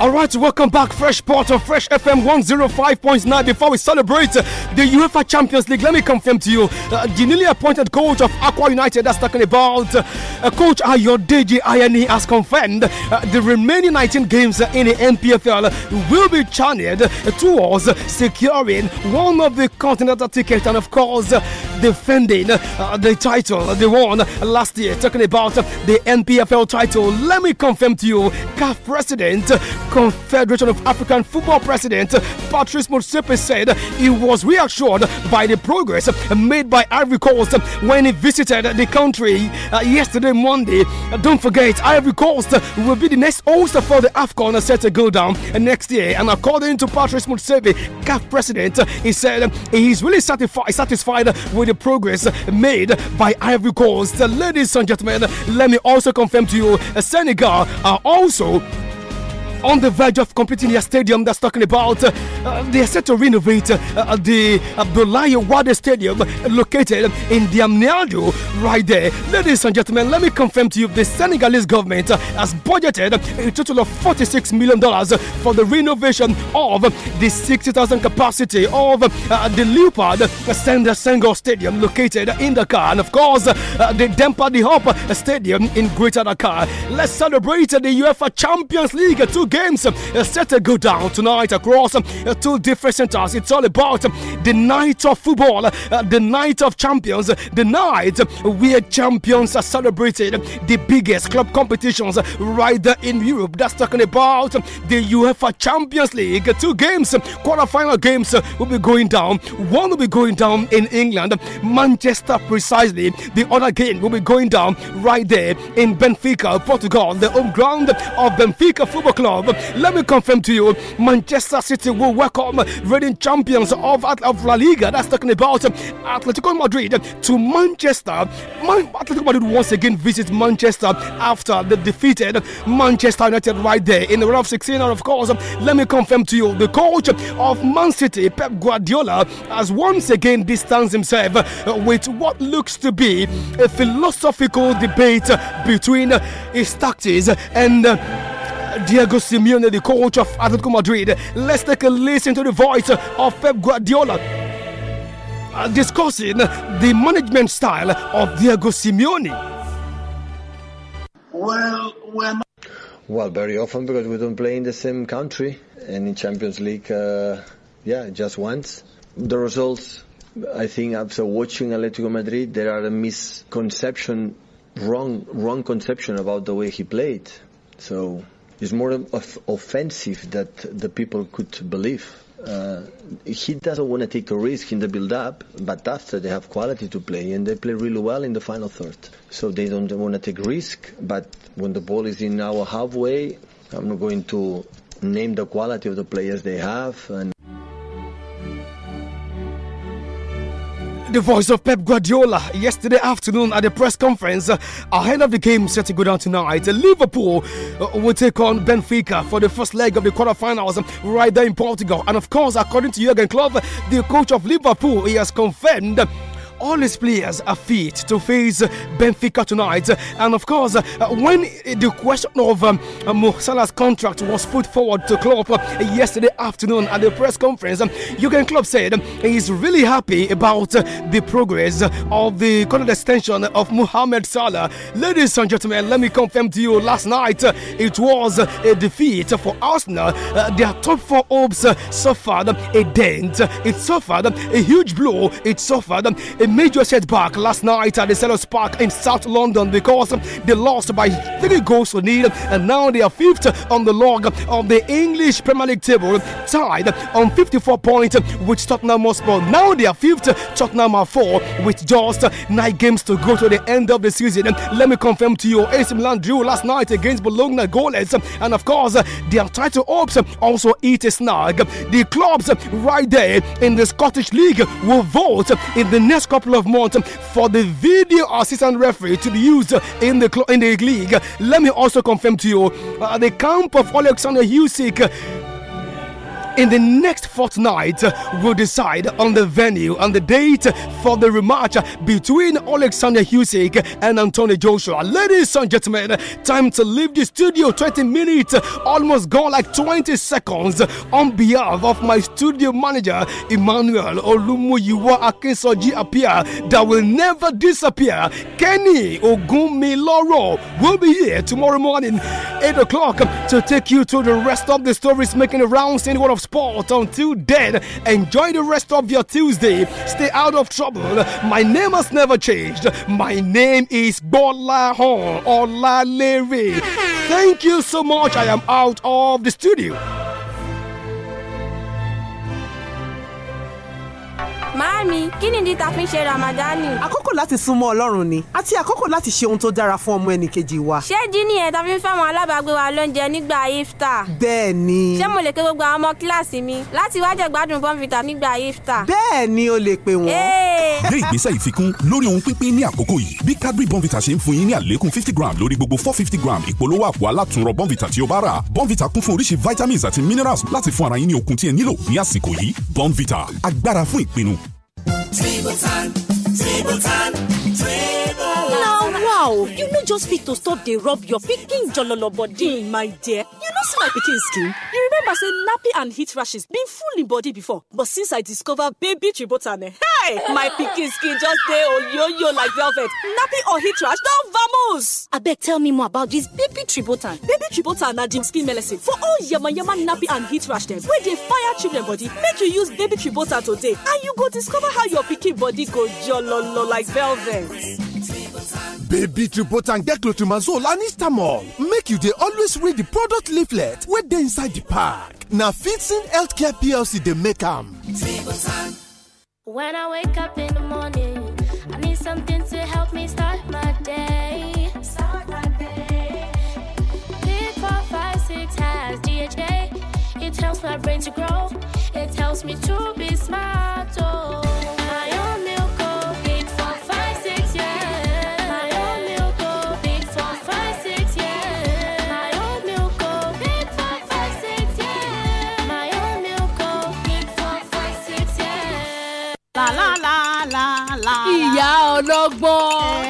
All right, welcome back, Fresh Port of Fresh FM 105.9. Before we celebrate the UEFA Champions League, let me confirm to you uh, the newly appointed coach of Aqua United, that's talking about uh, Coach Ayodeji Ayani, has confirmed uh, the remaining 19 games in the NPFL will be channeled towards securing one of the continental tickets and, of course, defending uh, the title they won last year. Talking about the NPFL title, let me confirm to you, CAF President. Confederation of African Football President Patrice Motsepe said he was reassured by the progress made by Ivory Coast when he visited the country uh, yesterday, Monday. Don't forget, Ivory Coast will be the next host for the AFCON set to go down next year. And according to Patrice Motsepe, CAF president, he said he is really satisfied, satisfied with the progress made by Ivory Coast. Ladies and gentlemen, let me also confirm to you uh, Senegal are also on the verge of completing their stadium. That's talking about uh, uh they are set to renovate uh, uh the Abdullahi uh, Wade Stadium located in Diamniadio, right there. Ladies and gentlemen, let me confirm to you the Senegalese government has budgeted a total of $46 million for the renovation of the 60,000 capacity of uh, the Leopard Sender Senghor Stadium located in Dakar. And of course, uh, the Dempa the Hop Stadium in Greater Dakar. Let's celebrate the UEFA Champions League. Two games set to go down tonight across uh, two different centers. It's all about uh, the night of football, uh, the night of champions, the night where champions are celebrated, the biggest club competitions right there in Europe. That's talking about the UEFA Champions League. Two games, quarterfinal games will be going down. One will be going down in England, Manchester precisely. The other game will be going down right there in Benfica, Portugal, the home ground of Benfica Football Club. Let me confirm to you Manchester City will welcome reigning champions of, of La Liga. That's talking about uh, Atletico Madrid to Manchester. Man Atletico Madrid once again visit Manchester after they defeated Manchester United right there in the round of 16. And of course, let me confirm to you the coach of Man City, Pep Guardiola, has once again distanced himself uh, with what looks to be a philosophical debate between his tactics and Diego Simeone, the coach of Atletico Madrid. Let's take a listen to the voice of Pep Guardiola. Uh, discussing the management style of Diego Simeone. Well, well, well, very often because we don't play in the same country and in Champions League, uh, yeah, just once. The results, I think, after watching Atletico Madrid, there are a misconception, wrong, wrong conception about the way he played. So is more of offensive that the people could believe. Uh, he doesn't want to take a risk in the build-up, but after they have quality to play and they play really well in the final third. So they don't want to take risk, but when the ball is in our halfway, I'm not going to name the quality of the players they have and The voice of Pep Guardiola yesterday afternoon at the press conference ahead of the game set to go down tonight. Liverpool uh, will take on Benfica for the first leg of the quarterfinals right there in Portugal. And of course, according to Jurgen Klopp, the coach of Liverpool, he has confirmed all his players are fit to face Benfica tonight. And of course, uh, when the question of um, uh, Mohsala's contract was put forward to Klopp yesterday afternoon at the press conference, Jurgen Klopp said he's really happy about uh, the progress of the contract extension of Mohamed Salah. Ladies and gentlemen, let me confirm to you last night it was a defeat for Arsenal. Their top four hopes suffered a dent, it suffered a huge blow, it suffered a major setback last night at the Sellers Park in South London because they lost by three goals to nil, and now they are fifth on the log of the English Premier League table, tied on 54 points with Tottenham Hotspur. Now they are fifth, Tottenham are four with just nine games to go to the end of the season. Let me confirm to you, AC Milan drew last night against Bologna goalless, and of course, their title hopes also eat a snag. The clubs right there in the Scottish League will vote in the next couple couple of months for the video assistant referee to be used in the in the league. Let me also confirm to you uh, the camp of Alexander Husik in the next fortnight we will decide on the venue and the date for the rematch between Alexander Husik and Anthony Joshua. Ladies and gentlemen, time to leave the studio. 20 minutes, almost gone like 20 seconds. On behalf of my studio manager, Emmanuel Olumuyiwa Akinsoji appear that will never disappear. Kenny Ogumiloro will be here tomorrow morning, 8 o'clock, to take you to the rest of the stories making the rounds in one of sport. Until then, enjoy the rest of your Tuesday. Stay out of trouble. My name has never changed. My name is Bola Hon Ola Larry. Thank you so much. I am out of the studio. Màámi, kí nìdí ta fi ń ṣe Ramadani? Àkókò láti súnmọ́ Ọlọ́run ni, àti àkókò láti ṣe ohun tó dára fún ọmọ ẹnìkejì wa. Ṣé díní ẹ̀ ta fi ń fẹ́ àwọn alábàágbé wa lóúnjẹ nígbà ifta. Bẹ́ẹ̀ ni. Ṣé mo lè pe gbogbo àwọn ọmọ kíláàsì mi láti wá jẹ gbádùn bọ́ǹfìtà nígbà iftar? Bẹ́ẹ̀ ni o lè pè wọ́n. Gbé ìgbésẹ̀ ìfikún lórí ohun pínpín ní àkókò yìí. Bí Cadbury Bonvita ṣe ń fún yín ní àlékún fifty gram lórí gbogbo four fifty gram ìpolówó àpò alátùnrọ̀ Bonvita tí o bá rà. Bonvita kún fún oríṣi vitamins àti minerals láti fún ara yín ní okun tí ẹ nílò ní àsìkò yìí. Bonvita agbára fún ìpinnu Table time, table time, table Wow! You no just fit to stop they rub your picking jololo body, mm, my dear. You know see my pikin skin? You remember say nappy and heat rashes been full in body before, but since I discover baby Tributane, hey! My pikin skin just yo yo like velvet. Nappy or heat rash don vamos! Abeg tell me more about this baby Tributan. Baby Tributan na the skin medicine for all yama yama nappy and heat rash them. wey they fire children body. Make you use baby Tributan today and you go discover how your pikin body go jololo like velvet. baby and get clotrimazole and istamol make you dey always read the product leaflet wey dey inside the pack na fitson healthcare plc dey make am when i wake up in the morning i need something to help me start my day start my day pick four five six has dha it helps my brain to grow it helps me to ọlọ́gbọ́n.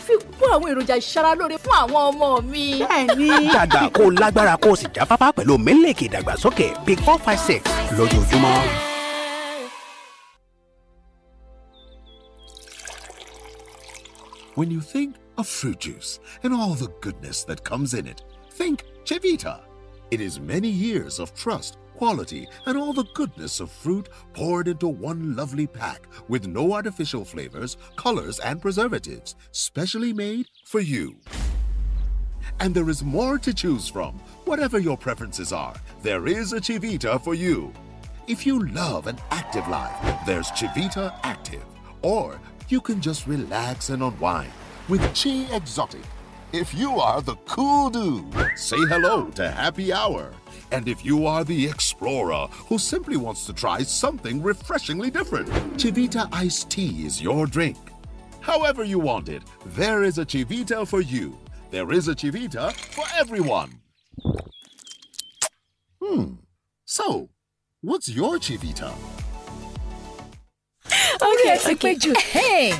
fi kún àwọn èròjà ìṣaralóore fún àwọn ọmọ mi. bẹ́ẹ̀ni. dàgbà kó lágbára kó sì jáfáfá pẹ̀lú mílíkì ìdàgbàsókè big four five six lójoojúmọ́. When you think of fruit juice and all the goodness that comes in it, think Chivita. It is many years of trust quality, and all the goodness of fruit poured into one lovely pack with no artificial flavors, colors, and preservatives, specially made for you. And there is more to choose from. Whatever your preferences are, there is a Chivita for you. If you love an active life, there's Chivita Active. Or you can just relax and unwind with Chi Exotic if you are the cool dude, say hello to Happy Hour. And if you are the explorer who simply wants to try something refreshingly different, Chivita iced tea is your drink. However you want it, there is a Chivita for you. There is a Chivita for everyone. Hmm. So, what's your Chivita? orí ẹ ti pé jù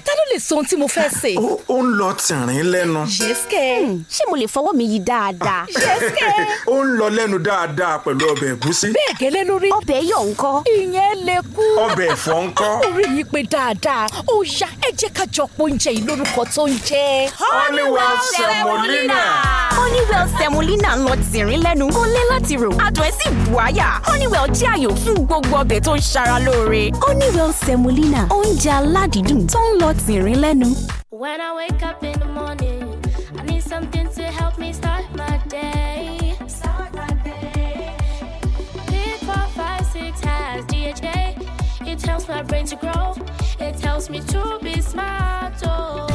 ta ló lè sọ ohun tí mo fẹ́ ṣe. ó ń lọ tìrín lẹ́nu. yẹ́sìkẹ́ hmm, ṣé mo lè fọwọ́ mi yí dáadáa. yẹ́sìkẹ́ ah, ó ń lọ lẹ́nu dáadáa pẹ̀lú ọbẹ̀ ẹ̀gúsí. bẹ́ẹ̀ gẹ́lẹ́ lórí. ọbẹ̀ yọ̀ ńkọ́. ìyẹn lè kú. ọbẹ̀ ẹ̀fọ́ ńkọ́. orí yìí pé dáadáa ó yá ẹ jẹ́ ká jọ oúnjẹ yìí lórúkọ tó ń jẹ́. Honeywell semolina. Honeywell semolina ń lọ tìrín lẹ́nu kó lé láti rò adùn ẹ̀ sì bù àyà Honeywell jẹ́ àyò fún gbogbo ọbẹ̀ tó ń ṣara lóore. Honeywell semolina Ghana oúnjẹ aládìídùn tó ń lọ tìrín lẹ́nu. When I wake up in the morning, I need something to help me start my day. Start my day. Pick four, five, six has DHA. It helps my brain to grow. It helps me to be smart. Oh.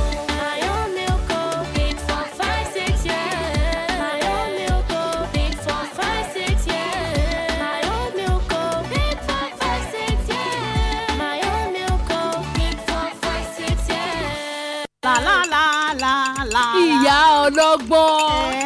ìyá ọlọ́gbọ́n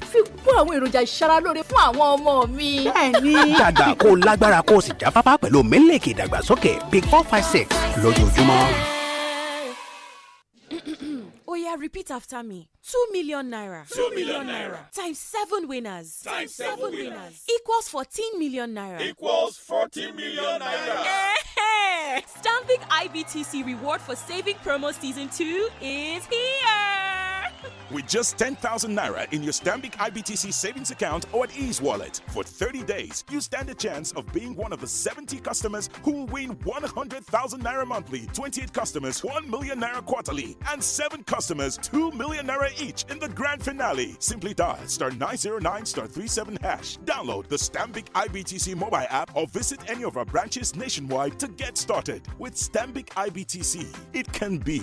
pé fi kún àwọn èròjà ìṣaralóore fún àwọn ọmọ mi. bẹ́ẹ̀ni. dàgbà kó lágbára kó o sì jáfáfá pẹ̀lú mílíkì ìdàgbàsókè big four five six lójoojúmọ́. Oya, oh, repeat after me. Two million naira. Two million naira. Times seven winners. Times seven winners. Equals fourteen million naira. Equals fourteen million naira. Hey, Stamping IBTC reward for saving promo season two is here with just 10,000 naira in your Stambik IBTC savings account or at Ease Wallet. For 30 days, you stand a chance of being one of the 70 customers who will win 100,000 naira monthly, 28 customers 1 million naira quarterly, and 7 customers 2 million naira each in the grand finale. Simply dial star 909 star 37 hash. Download the Stambik IBTC mobile app or visit any of our branches nationwide to get started. With Stambik IBTC, it can be.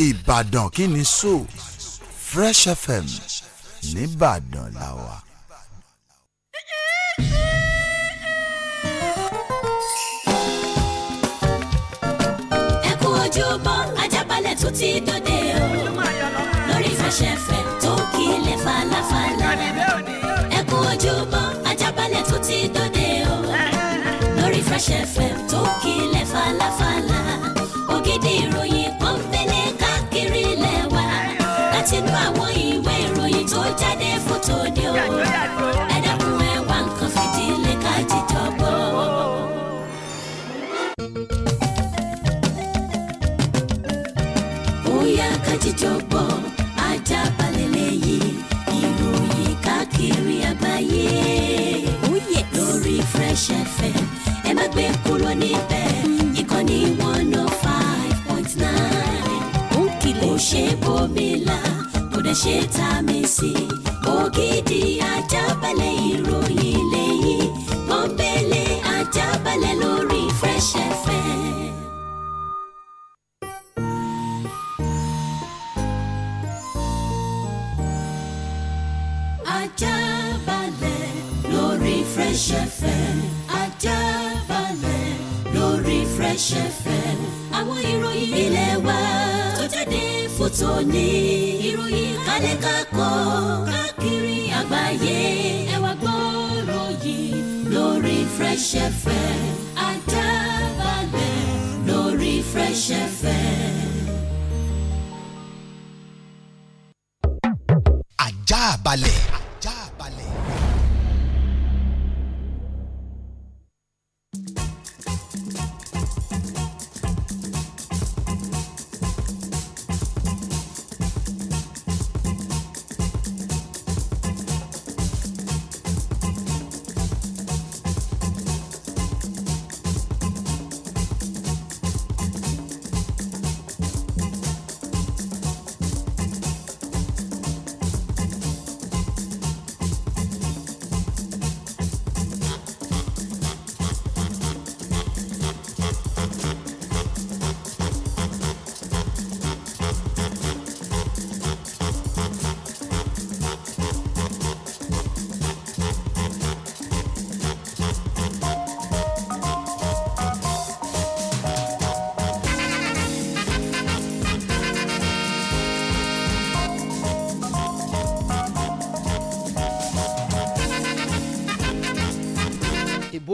Ìbàdàn kí ni so Fresh FM nìbàdàn la wà. ẹ kú ojúmọ́ Ajábalẹ̀ tún ti dòde o lórí Fresh FM tó kílẹ̀ falafala ẹ kú ojúmọ́ Ajábalẹ̀ tún ti dòde o lórí Fresh FM. àtijọ́bọ̀ ajábalẹ̀ lẹ́yìn ìròyìn káàkiri àgbáyé. Ó yẹ lórí Fresh FM ẹ má gbé kúrò níbẹ̀ ìkànnì one oh five point nine. Ó kìlẹ̀ kò ṣe bómi la kò dẹ̀ ṣe tá a mi sí ògidì ajábalẹ̀ ìròyìn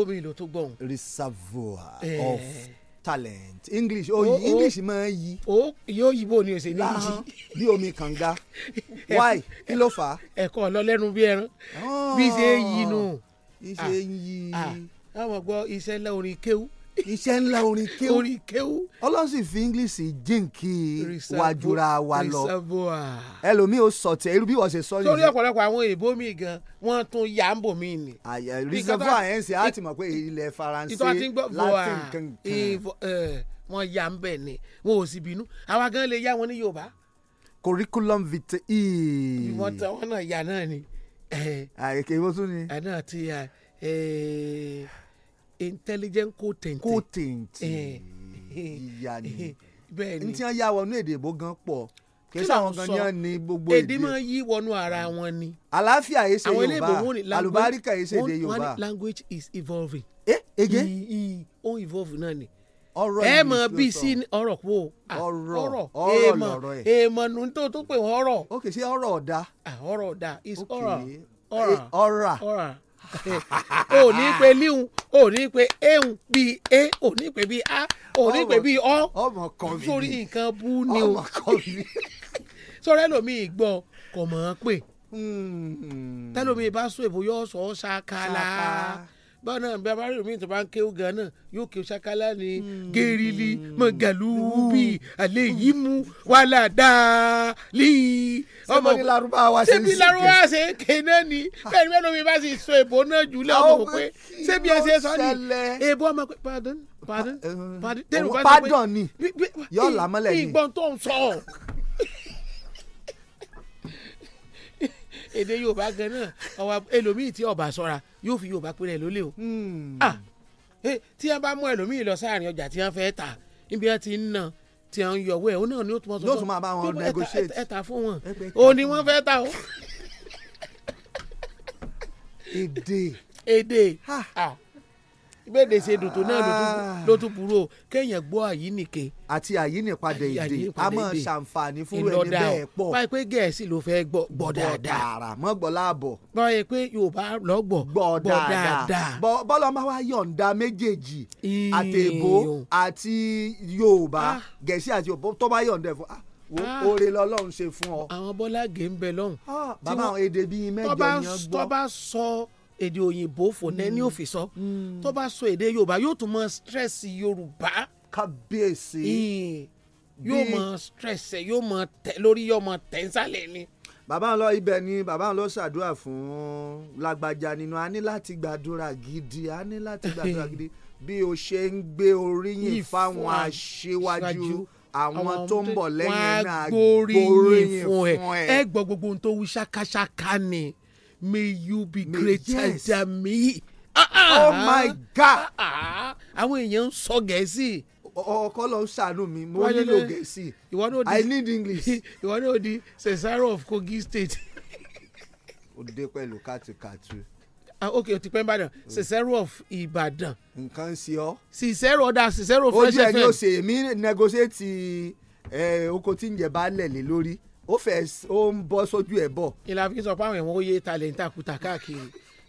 omi ìlú tó gbọ̀hún. reservoir eh. of talent english oh, oh, english máa ń yí. o yóò yí bò ní o ṣe ní yí. bí omi kànga eh, why kí ló fà á. ẹ̀kọ́ ọlọ́lẹ́nu bí ẹran bí ṣe ń yí nù. Ah. bí ṣe ń yí. àwọn ah. ah, gbọ́ iṣẹ́ lẹ́ orin iṣẹ́ ńlá orin kéwú orin kéwú ọlọ́run sì fi english jíǹkì wájúra wa lọ ẹlòmíì ó sọ tẹ irú bí wọ́n ṣe sọ yìí. torí ọ̀pọ̀lọpọ̀ àwọn èèbó mi gan wọ́n tún yà ń bò mí ni. àyà reservoir ẹ̀ ń ṣe á ti mọ̀ pé ilẹ̀ faransé latin kankan. wọ́n yà ń bẹ̀ ni wọn ò sì bínú àwa gan lè yá wọn ní yorùbá. curriculum vitae. ìwọ̀n tí wọ́n náà yà náà ni. àyèké bó tún ni. àná ti yà intelligent content. content eh. ìyá ni bẹ́ẹ̀ni ntí wọn yá wọnú èdè ìbò gan pọ̀ kìí sáwọn gan ni wọn ní gbogbo èdè èdè máa yí wọnú ara wọn ni. àlàáfíà yìí ṣe yorùbá àlùbáríkà yìí ṣe èdè yorùbá. language is evolving. ẹ eh, ege. ó ń evolve náà ni ọ̀rọ̀ ẹ mọ bíi sí ọ̀rọ̀ wo ọ̀rọ̀ èèmọ èèmọ nù tó tó pè wọn ọ̀rọ̀. ok ṣé ọ̀rọ̀ ọ̀dà. ọ̀rọ̀ ọ̀dà is ọ̀rọ̀ eh, ọ̀rọ̀ ọ̀rọ̀ ò ní pe líhun ò ní pe ehun bíi e ò ní pe bíi a ò ní pe bíi ọ sórí nǹkan bú ni o sọ̀rọ̀ ẹlòmíì gbọ́ kò mọ̀ ọ́n pè hmm. tẹlomi bá sọ èbó yọ sọ ṣàkàlà báwo náà bí a bá rí omi tó bá ń kéwú gan náà yóò kéwú ṣakálá ni hmm. gẹ́rìlì mọ̀gàlúbì hmm. àlẹ́ yìí mú wàhálà dáálì. ọmọ ní Lárúbáwá ṣe ń sèké. ṣébi Lárúbáwá ṣe ń ké náà ni bẹ́ẹ̀ ni bẹ́ẹ̀ ni omi bá sì sọ èbó náà jù lẹ́ ọmọ kò pé ṣébi ẹ ṣe sọ ni èbó ọmọ pé pardon pardon eh, pardon. pardon ni yọ̀ọ́ làmọ́lẹ̀ ni. ìgbọ́n tó ń sọ èdè yorùbá gan náà ọwọ Elomi, ti ọba sọra yóò fi yorùbá péré lólè o. Hmm. Ah, tí wọ́n bá mú ẹlòmíì lọ sáàrin ọjà tí wọ́n fẹ́ tà níbi wọ́n ti ń ná tí wọ́n ń yọwọ́ ẹ̀ ó náà ni ó túmọ̀ tún máa bá wọn negotiate. ẹ ta fún wọn o ni wọ́n fẹ́ ta o. èdè. èdè ìbéèdè ṣe dùn tó náà ló tún ah. burú o kéèyàn gbọ́ àyínìke. àti àyínìpadà èdè a máa ṣàǹfààní fún ẹni bẹ́ẹ̀ pọ̀. báyìí pé gẹ̀ẹ́sì ló fẹ́ gbọ́ gbọ́ dáadáa. gbọ́dàrà mọ́ gbọ́ láàbọ̀. báyìí pé yorùbá lọ gbọ́ gbọ́ dáadáa. bọ́lá máa wá yọ̀ǹda méjèèjì àtẹ̀bó àti yorùbá ah. gẹ̀ẹ́sì àti yorùbá tó bá yọ̀ǹda ẹ̀ fún ah, oore lọ́lọ́run ṣe fún ọ. àwọn bọ́lá gé ń bẹ lọ́hùn. bàbá àwọn èdè bíi mẹ́jọ ni wọ́n gbọ́. tó bá sọ èdè òyìnbó fònẹ́ ní mm. òfìsọ mm. tó bá sọ èdè yorùbá yóò tún mọ stress yorùbá kábíyèsí yóò mọ stress yóò mọ tẹ lórí yóò mọ tẹ nsàlẹ̀ ni. bàbá ń lọ ni bàbá ń ṣàdúrà fún lágbájá nínú a ní láti gbàdúrà gidi a ní láti gbàdúrà gidi bí o ṣe ń gbé oríyìn fáwọn aṣíwájú àwọn tó ń bọ̀ lẹ́yìn náà gbóríyìn fún ẹ ẹ gbọ́ gbogbo ohun tó wí ṣákáṣáká ni may you be may, greater yes. than me. Ah, ah, oh my God. Uh-uh. àwọn èèyàn ń sọ gẹ̀ẹ́sì. ọkọ lọ ṣàánú mi mo nílò gẹ̀ẹ́sì I need English. ìwọ ni o di cesaro of Kogi State. ó dé pẹ̀lú kàtúkàtú. Ah, ok o ti pẹ́ nìbàdàn mm. of Ibadan. nǹkan ń ṣe ọ́. cesaro da cesaro fresh fm. ó jẹ́ ẹni ó negotiate eh, oko tí ń jẹ baálẹ̀ lé ó fẹ́ ó ń bọ́ sójú ẹ̀ bọ̀. ìlànà fi sọ pé àwọn ẹ̀wọ̀n ó yé kuta kùtà káàkiri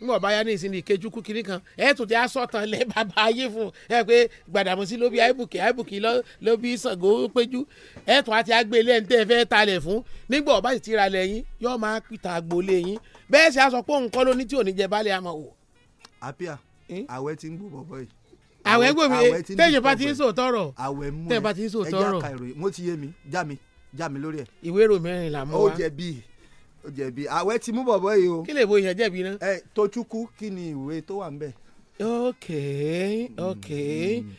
nígbà bá yá ní ìsinmi ìkejúkú kiri kan ẹ tún ti asọ̀tàn lẹ bàbá ayé fún ẹ pé Gbàdàmọ́sí ló bí àìbùkì àìbùkì ló bí Ṣàngó péjú ẹ tún àti agbélé ẹni tẹ́ ẹ fẹ́ talẹ̀ fún nígbà ọba sì ti ra lẹ̀ yín yóò máa pìtà agboolé yín bẹ́ẹ̀ sì aṣọ pé òun kọ́ ló tí ò ní jẹ balẹ̀ àmọ́ wò. apia àwẹ̀ ti ń gbó bọ̀bọ̀ yìí. àwẹ̀ gbòmí tẹ́yìn bá ti ń sòótọ́ rọ̀ tẹ́yìn bá ti ń sòótọ́ rọ̀ já mi lórí ẹ̀. ìwé ìròyìn mẹ́rin là mọ́ wa. ó jẹ̀bi ó jẹ̀bi àwẹ̀ ti mú bọ̀bọ̀ yìí o. kí lè bo ìyẹn jẹ̀bi náà. ẹ tójúkú kí ni ìwé tó wà ńbẹ̀. ok ok hmm.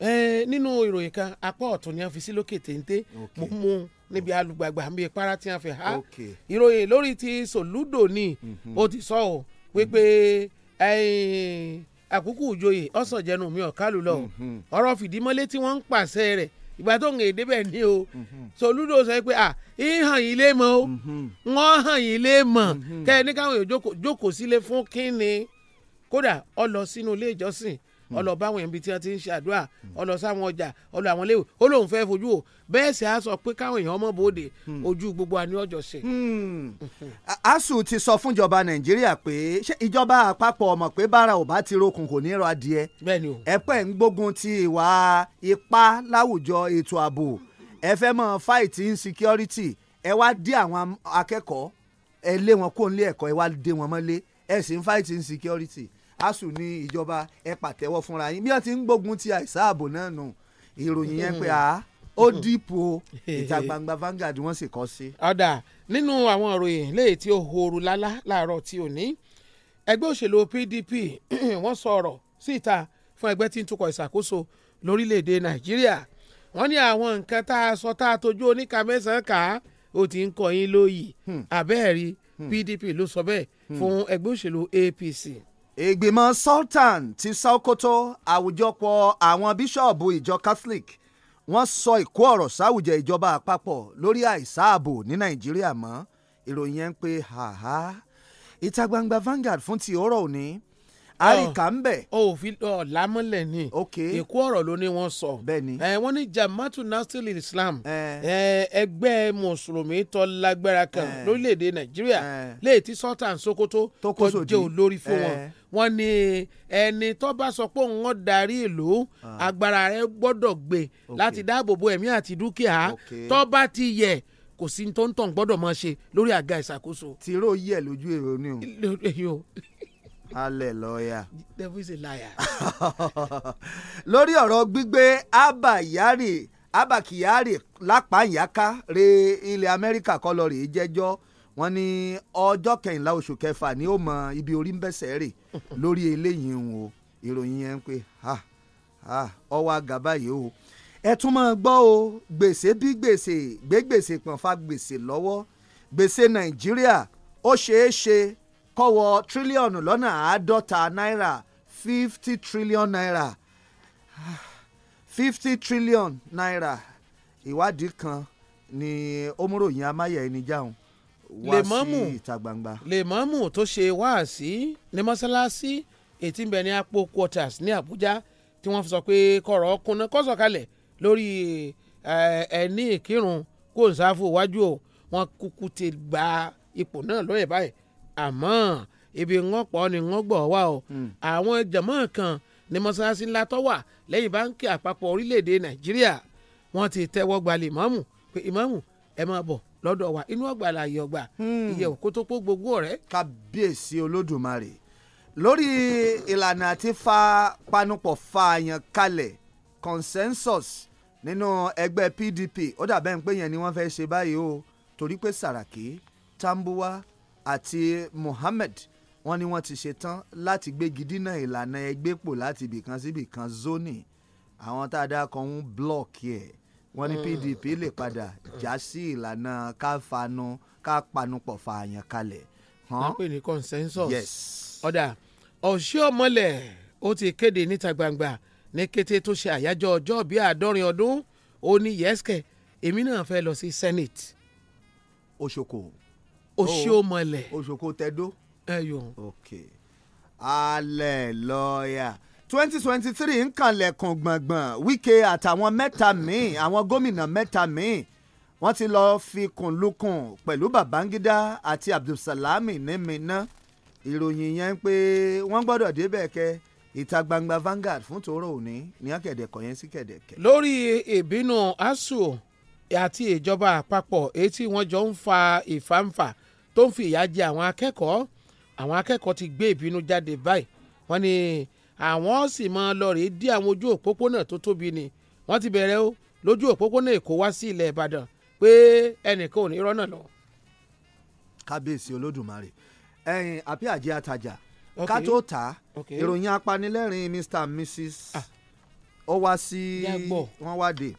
ẹ nínú ìròyìn kan apá ọ̀tún ni a fi sí lókè téńté mo mú un níbi alùgbàgbà níbi para tí a fi há ìròyìn lórí ti sòlúdò ni ó mhm. ti sọ ọ wípé àkókò òjòyè ọ̀sán jẹnu mi ọ̀kálù lọ mhm. ọ̀rọ̀ fìdímọ́lé tí wọ́n ń pàṣẹ rẹ̀ ìgbà tó ń gè débẹ̀ ní o mhm. Soludo sọ pé à ìhàn yìí lè mọ o mhm. wọ́n hàn yìí lè mọ̀ mhm. kẹ́ ẹ ní káwọn èèyàn jókòó sílé fún kínni kódà ọ lọ sínú ilé ìjọsìn ọlọ báwọn ibi tí wọn ti ń ṣàdúrà ọlọ hmm. sáwọn ọjà ọlọ àwọn léwu ó lóun fẹ́ fojú o bẹ́ẹ̀ sì á sọ pé káwọn èèyàn mọ̀ bóde hmm. ojú gbogbo àní ọjọ́ ṣe. Hmm. asu ti sọ fúnjọba nàìjíríà pé ṣé ìjọba àpapọ̀ ọmọ pé bára ò bá ti rokùn kò ní rọ adìẹ ẹ pẹ́ ń gbógun ti ìwà ipá láwùjọ ètò ààbò ẹ fẹ́ mọ̀ fáìtì insecurity ẹ wá dé àwọn akẹ́kọ̀ọ́ ẹ lé wọn kó nílé ẹ̀kọ́ ẹ wá dé wọn mọ́lé ẹ sì ń fáìtì insecurity asuu ní ìjọba ẹ pàtẹ́wọ́ fúnra yín bí wọ́n ti ń gbógun ti àìsàn ààbò náà nù ìròyìn yẹn pé a ó dìpọ̀ ìta gbangba Vanguard wọ́n sì kọ́ sí. ọ̀dà nínú àwọn ìròyìn léyìí tí ó horu lálá láàárọ̀ tí ò ní ẹgbẹ́ òṣèlú PDP wọ́n sọ ọ̀rọ̀ sí ìta fún ẹgbẹ́ tí ń tukọ̀ ìṣàkóso lórílẹ̀‐èdè Nàìjíríà wọ́n ní àwọn nǹkan tá a sọ tá a tójú oníka mẹ́sàn-án kà á ó ti ń kọ́ yín lóyìí àbẹ́ẹ̀rí hmm. PDP hmm. ló sọ bẹ́ẹ̀ hmm. fún ẹgbẹ́ òṣèlú APC ìgbìmọ̀ sultan ti Sókótó àwùjọpọ̀ àwọn bíṣọ̀bù ìjọ Catholic wọ́n sọ ìkó ọ̀rọ̀ sáwùjọ ìjọba àpapọ̀ lórí àìsáàbò ní Nàìjíríà mọ́ ìròyìn yẹn ń pé ìta gbangba Vanguard fún ti òórọ̀ òní àríkà oh. ń bẹ̀. o ò fi lámọ́lẹ̀ ni èkó ọ̀rọ̀ ló ní wọ́n sọ wọ́n ní jama'atu nasir islam ẹgbẹ́ mùsùlùmí tó lágbára kan lórílẹ̀‐èdè nàìjíríà léè tí sultan sokoto tó jẹ́ olórí fún wọn wọ́n ní ẹni tó bá sọ pé òun ó darí ìlú ah. agbára rẹ̀ gbọ́dọ̀ gbé láti dáàbò bo ẹ̀mí àti dúkìá tó bá ti yẹ kò sí tó ń tàn gbọ́dọ̀ máa ṣe lórí àga ìṣàkóso. tìró yẹ lójú èrò ni o hallelujah. devil is a liar. lórí ọ̀rọ̀ gbígbé abba yari, abba kyari lápá ìyáká re ilẹ̀ amẹ́ríkà kọ́ lọ rèé jẹ́jọ́ wọ́n ní ọjọ́ kẹyìnlá oṣù kẹfà ni ó mọ ibi orí ń bẹ̀sẹ̀ rè lórí eléyìí ń o ìròyìn yẹn ń pè ha ha ọwọ́ àgà báyìí o ẹ tún máa gbọ́ o gbèsè bí gbèsè gbé gbèsè pọ̀nfà gbèsè lọ́wọ́ gbèsè nàìjíríà ó ṣeé ṣe kọ́wọ́ tírílíọ̀nù lọ́nà àádọ́ta náírà fifty trillion naira fifty trillion naira ìwádìí kan ni omúròyìn amáyẹ ẹni jáun wá sí ìta gbangba. lèmọ́mù tó ṣe wáàsí ní mọ́sálásí ètí ìbẹ̀ ní apò quarters ní Àbújá tí wọ́n fi sọ pé kọ̀rọ̀ ọkùnrin kọ́sọ̀kalẹ̀ lórí eh, ẹni ìkírun kó n sáfù iwájú o wọ́n kúkú ti gba ipò náà lóye báyìí àmọ́ ibi wọ́n pọ̀ ni wọ́n gbọ̀ wá o hmm. àwọn jàmọ́ kan ní mọ́ṣáláṣí ńlá tó wà lẹ́yìn báńkì àpapọ̀ orílẹ̀-èdè nàìjíríà wọ́n ti tẹ́wọ́ gbalẹ̀ ìmáàmù pé ìmáàmù ẹ máa bọ̀ lọ́dọ̀ wa inú ọgbà láàyè ọgbà hmm. ìyẹ̀wò kó tó pọ̀ gbogbo ọ̀rẹ́. kábíyèsí olódùmarè lórí ìlànà àti fa panupọ̀ fa àyàn kalẹ̀ consensus nínú ẹgbẹ́ PDP ó dàbẹ́ ń pé yẹn ni wọ́n fẹ́ ṣe báyìí o torí pé Sàràkí Tambuwa àti Mohammed wọ́n ní wọ́n ti ṣetán láti gbégi dínà ìlànà ẹgbẹ́ pò láti ibìkan sí ibìkan zoni àwọn tá a dá kan ń blọọkì ẹ̀ wọ́n ní PDP hmm. lè padà já sí ìlànà káfanu kápanupọ̀ fààyàn kalẹ̀. wọ́n pè ní consensus. yes. ọ̀dà ọ̀ṣẹ́ ọmọlẹ̀ ó ti kéde níta gbangba ní kété tó ṣe àyájọ́ ọjọ́ bíi àádọ́rin ọdún ó ní yẹ́sìkẹ̀ èmi náà fẹ́ lọ sí senate. Òṣòkò O O Oshiomhole. Oṣoko oh. Tẹ̀dó. Ẹyọ. Okay. Hallelujah twenty twenty three nkànlẹ̀kùn gbọ̀ngbọ̀n Wike àtàwọn mẹ́ta míì àwọn gómìnà mẹ́ta míì wọ́n ti lọ́ọ́ fi kùnlukùn pẹ̀lú Babangida àti Abdulsalami ní Minna ìròyìn yẹn pé wọ́n gbọ́dọ̀ débẹ̀ kẹ́ ìta gbangba Vanguard fún tòró òní ní akẹ̀dẹ̀kọ̀ yẹn sí kẹ̀dẹ̀kẹ̀. lórí ìbínú ASUU àti ìjọba àpapọ̀ etí wọn jọ ń fa ìfàǹfà tó ń fi ìyà jẹ àwọn akẹ́kọ̀ọ́ àwọn akẹ́kọ̀ọ́ ti gbé ìbínú jáde báyìí wọ́n ní àwọn sì máa lọ rèé dí àwọn ojú òpópónà tó tóbi ni wọ́n ti bẹ̀rẹ̀ o lójú òpópónà Èkó wá sí ilẹ̀ Ìbàdàn pé ẹnìkan ò ní rọ́nà lọ. kábíyèsí olódùmarè ẹyin àbí àjẹ àtàjà ká tó ta ìròyìn apanilẹ́rìn Mr and Mrs. Ah. ó wá sí wọ́n wá dé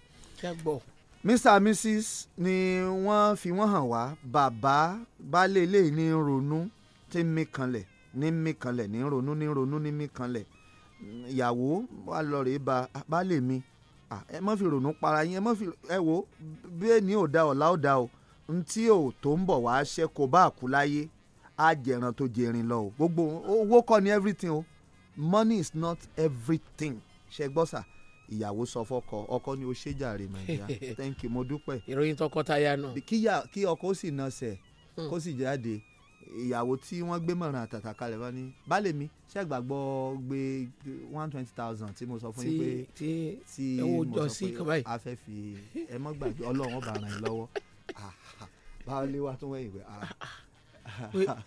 mr and mrs ni wọ́n fi wọ́n hàn wá bàbá baálé ilé ní ronú tí mi kanlẹ̀ ní mi kanlẹ̀ ní ronú ní ronú ní mi kanlẹ̀ ìyàwó wa lọ rèé ba baálé mi ẹ má fi ronú para yín ẹ má fi ẹ wo bẹ́ẹ̀ ni ò da ọ̀la ò da o ntí ò tó ń bọ̀ wá ṣẹ́ kó bá kú láyé á jẹran tó jẹrin lọ o gbogbo owó kọ́ ni everything o money is not everything ṣe gbọ́ sà ìyàwó sọ fọkọ ọkọ ni ó ṣe nàìjíríà thank you mo dúpẹ́. ìròyìn tọkọtaya náà. kí ọkọ ó sì nọsẹ̀ hmm. kó sì jáde ìyàwó tí wọ́n gbé mọ̀ràn àtàtà kalẹ̀ wá ní baálé mi ṣẹ́gbàgbọ́ gbé one twenty thousand tí mo sọ fún yín pé tí mo sọ pé a fẹ́ fi ẹ mọ́ gbàgbé ọlọ́run ọba ràn yín lọ́wọ́ baálé wa tún wẹ̀yìn wẹ̀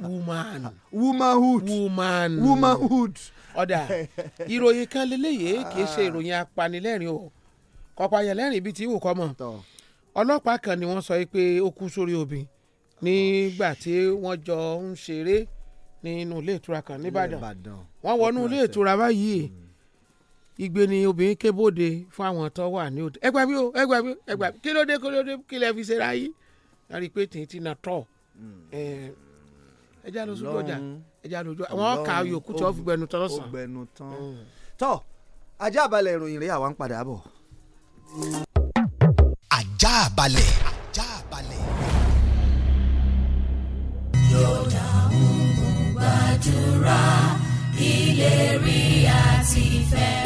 woman. womanhood. woman. womanhood. ọ̀dà ìròyìn kan lélẹ́yìí ah. kì í ṣe ìròyìn apanilẹ́rìn o kọ́pọ̀ ayẹlẹ́rìn bíi ti wù kọ́ mọ̀ ọlọ́pàá kan ni wọ́n sọ pé ó kú sórí obìn nígbà tí wọ́n jọ ń ṣeré nínú ilé ìtura kan nìbàdàn wọ́n wọnú ilé ìtura báyìí hmm. igbe ni obìnrin kébòde fún àwọn tó wà ní òde ẹgbà bí o ẹgbà bí o ẹgbà bí kí ló dé kí ló dé kí lẹ fi ṣe ra láti pé tìǹtì náà tọ̀ hmm ẹja lọ sójú ọjà ẹja lọ sójú àwọn ọkà yòókù tí wọn fi gbẹnu tán lọsàn. ó tán mm. tọ ajá balẹ̀ ìròyìn rẹ̀ àwa ń padà bọ̀. ajá balẹ̀. ajá balẹ̀. yóò dáhùn gbàdúrà ilé rẹ̀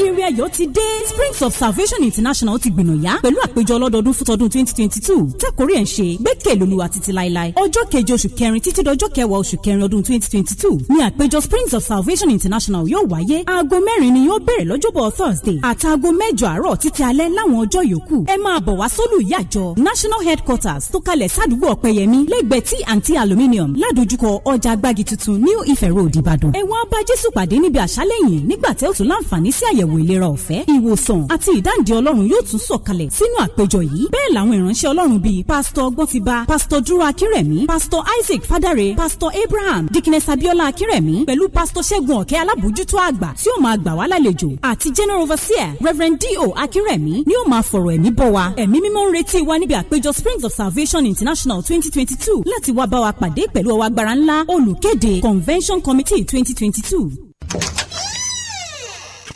ire ayọ̀ ti dé Springs of Salvation International ti gbìnàyà pẹ̀lú àpéjọ ọlọ́dọọdún fún tọdún twenty twenty two tẹ́kọ̀rí ẹ̀ ń ṣe gbẹ́kẹ̀ lólúwa títí láéláé ọjọ́ keje oṣù kẹrin títí dọjọ́ kẹwàá oṣù kẹrin ọdún twenty twenty two ni àpéjọ Springs of Salvation International yóò wáyé aago mẹ́rin ni yóò bẹ̀rẹ̀ lọ́jọ́bọ̀ Thursday àtàago mẹ́jọ àárọ̀ títí alẹ́ láwọn ọjọ́ yòókù ẹ máa bọ̀ wá sólù ìyàjọ National Headquarters tó kalẹ̀ sádùúgbò ọ̀pẹyẹmí lẹ́gbẹ̀ẹ́ tí àǹtí aluminium ládojúkọ ọjà agbági tuntun New Ife Road Ìbàdàn ẹ wá bá Jésù pàdé níbi àṣálẹ́ yìí nígbà tẹ́ ò láǹfààní sí àyẹ̀wò ìlera ọ̀fẹ́ ìwòsàn àti ìdáǹdè ọlọ́run yóò tún sọ̀kalẹ̀ sínú àpéjọ yìí bẹ́ẹ̀ làwọn ìránṣẹ́ ọlọ́run bíi pásítọ̀ ọgbọ́ntiba pásítọ̀ dúró akírẹ̀mí pásítọ̀ isaac fadare pásítọ̀ abraham dikines abiola akírẹ̀mí pẹ̀lú pásítọ̀ ṣẹ́gun ọ̀kẹ́ alábòójútó àgbà tí ó máa gbà wá lálejò àti general overseer reverend do akírẹ̀mí ni ó máa fọ̀rọ̀ ẹ̀mí bọ́ wa springs of salvation international twenty twenty two láti wá bá wa convention committee twenty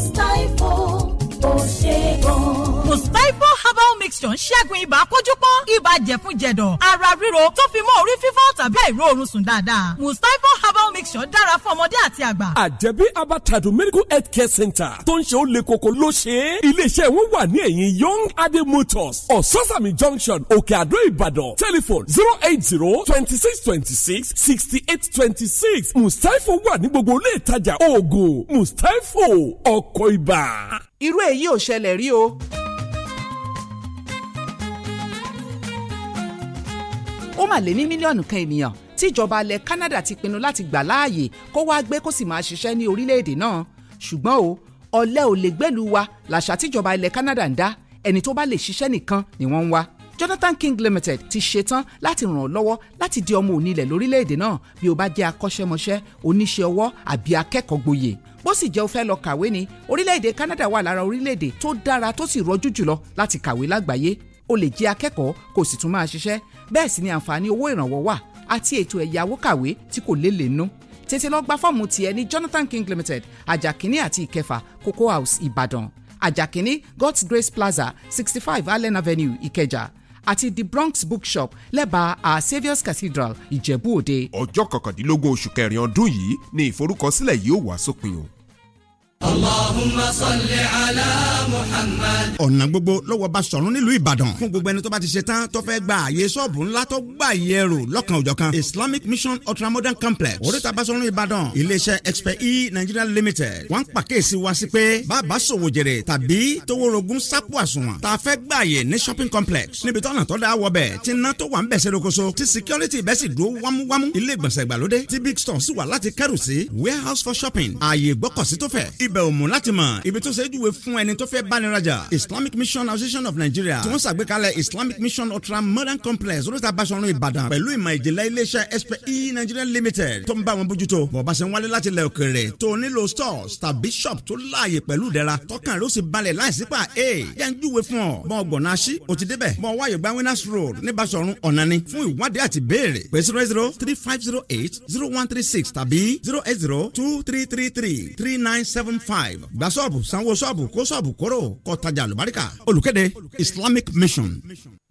Mustaipo, o chegou. Gosvaifo herbal mixture ń ṣẹ́gun ibà kójúpọ́ ibà jẹ̀fun-jẹ̀dọ̀ ara ríro tó fi mọ́ orí fífọ́ tàbí àìró oorun sùn dáadáa Gosvaifo herbal mixture dára fún ọmọdé àti àgbà. àjẹbí abatadu medical health care center tó ń ṣe ó le koko ló ṣe é iléeṣẹ́ wọn wà ní ẹ̀yìn young adé motors ososami junction òkè àdó ìbàdàn telephone zero eight zero twenty six twenty six sixty eight twenty six Mustapha wà ní gbogbo ilé ìtajà oògùn Mustapha ọkọ̀ ibà. irú èyí ò ṣẹlẹ̀ rí o. ó mà lé ní mílíọ̀nù kan ènìyàn tí ìjọba ilẹ̀ Canada ti pinnu láti gbà láàyè kó wá gbé kó sì máa ṣiṣẹ́ ní orílẹ̀-èdè náà ṣùgbọ́n o ọ̀lẹ ò lè gbẹ́lu wa làṣà tíjọba ilẹ̀ Canada ń dá ẹni tó bá lè ṣiṣẹ́ nìkan ni wọ́n ń wá Jonathan King Limited ti ṣetán láti ràn ọ́ lọ́wọ́ láti di ọmọ onílẹ̀ lórílẹ̀‐èdè náà bí o bá jẹ́ akọ́ṣẹ́mọṣẹ́ oníṣẹ́ ọwọ́ àbí akẹ́kọ̀ọ́ gboyè bó sì jẹ́ o fẹ́ lọ kàwé ní orílẹ̀‐èdè Canada wà lára orílẹ̀‐èdè tó dára tó sì rọjú jùlọ láti kàwé lágbàáyé o lè jẹ́ akẹ́kọ̀ọ́ kò sì tún máa ṣiṣẹ́ bẹ́ẹ̀ sì ni àǹfààní owó ìrànwọ́ wà àti ètò ẹ̀yáwó kàwé tí kò lélẹ̀ nú tètè lọ gba fọ́ọ̀mù tiẹ̀ ní Jonathan King Limited ajakini àti ìkẹfà Cocoa House Ìbàdàn ajakini God's Grace Plaza sixty five Allen Avenue Ìkẹjà àti the Bronx Bookshop lẹ́bàá Our Saviour's Cathedral Ìjẹ̀bú Òde. ọjọ́ kọkàndínlógún oṣù kẹrin ọdún yìí ni ìforúkọsílẹ̀ yìí ó wá sópin o ọ̀nà gbogbo lọ́wọ́ bá sọ̀rún nílùú Ìbàdàn fún gbogbo ẹni tó bá ti ṣe tán tó fẹ́ gba àyè sọ́ọ̀bù ńlá tó gbà yẹ rò lọ́kàn òjọ̀kan Islamic Mission Ultramodern Complex oríta Basọ̀rún Ìbàdàn iléeṣẹ́ Expert E Nigeria Limited wọ́n ń pàkíyèsí wa sí pé bàbá sòwò jèrè tàbí toworogun sápò àsùnwọ̀n tá a fẹ́ gba àyè ní shopping complex níbi tọ́nà tó dáa wọbẹ̀ tí iná tó wà ń bẹ̀sẹ̀ bẹ̀wò mú láti mọ̀ ibi tó ṣe é júwe fún ẹni tó fẹ́ báni Islamic Mission Association of Nigeria tí wọ́n ṣàgbékalẹ̀ Islamic Mission Ultra Modern Complex olóòtú Báṣọ̀run Ìbàdàn pẹ̀lú ìmọ̀ ìjìnlẹ̀ iléeṣẹ́ SPE Nigeria Limited tó ń bá wọn bójútó bọ̀bá ṣe ń wálé láti ilẹ̀ òkèrè tó nílò stores tàbí shop tó láàyè pẹ̀lú ìdẹ́ra tọkàn rẹ ó sì balẹ̀ láìsí pa e yẹ ń júwe fún ọ bọ́n ọgbọ̀nà aṣí o ti débẹ̀ bọ́n wáyé gba winners road ní Báṣọ̀run ọ̀nani fún ìwádìí àti béèrè pé zero zero three five zero eight seven five gba sọ́ọ̀bù sanwó sọ́ọ̀bù kó sọ́ọ̀bù kóró kọ́ tajà lùbáríkà olùkéde Islamic Mission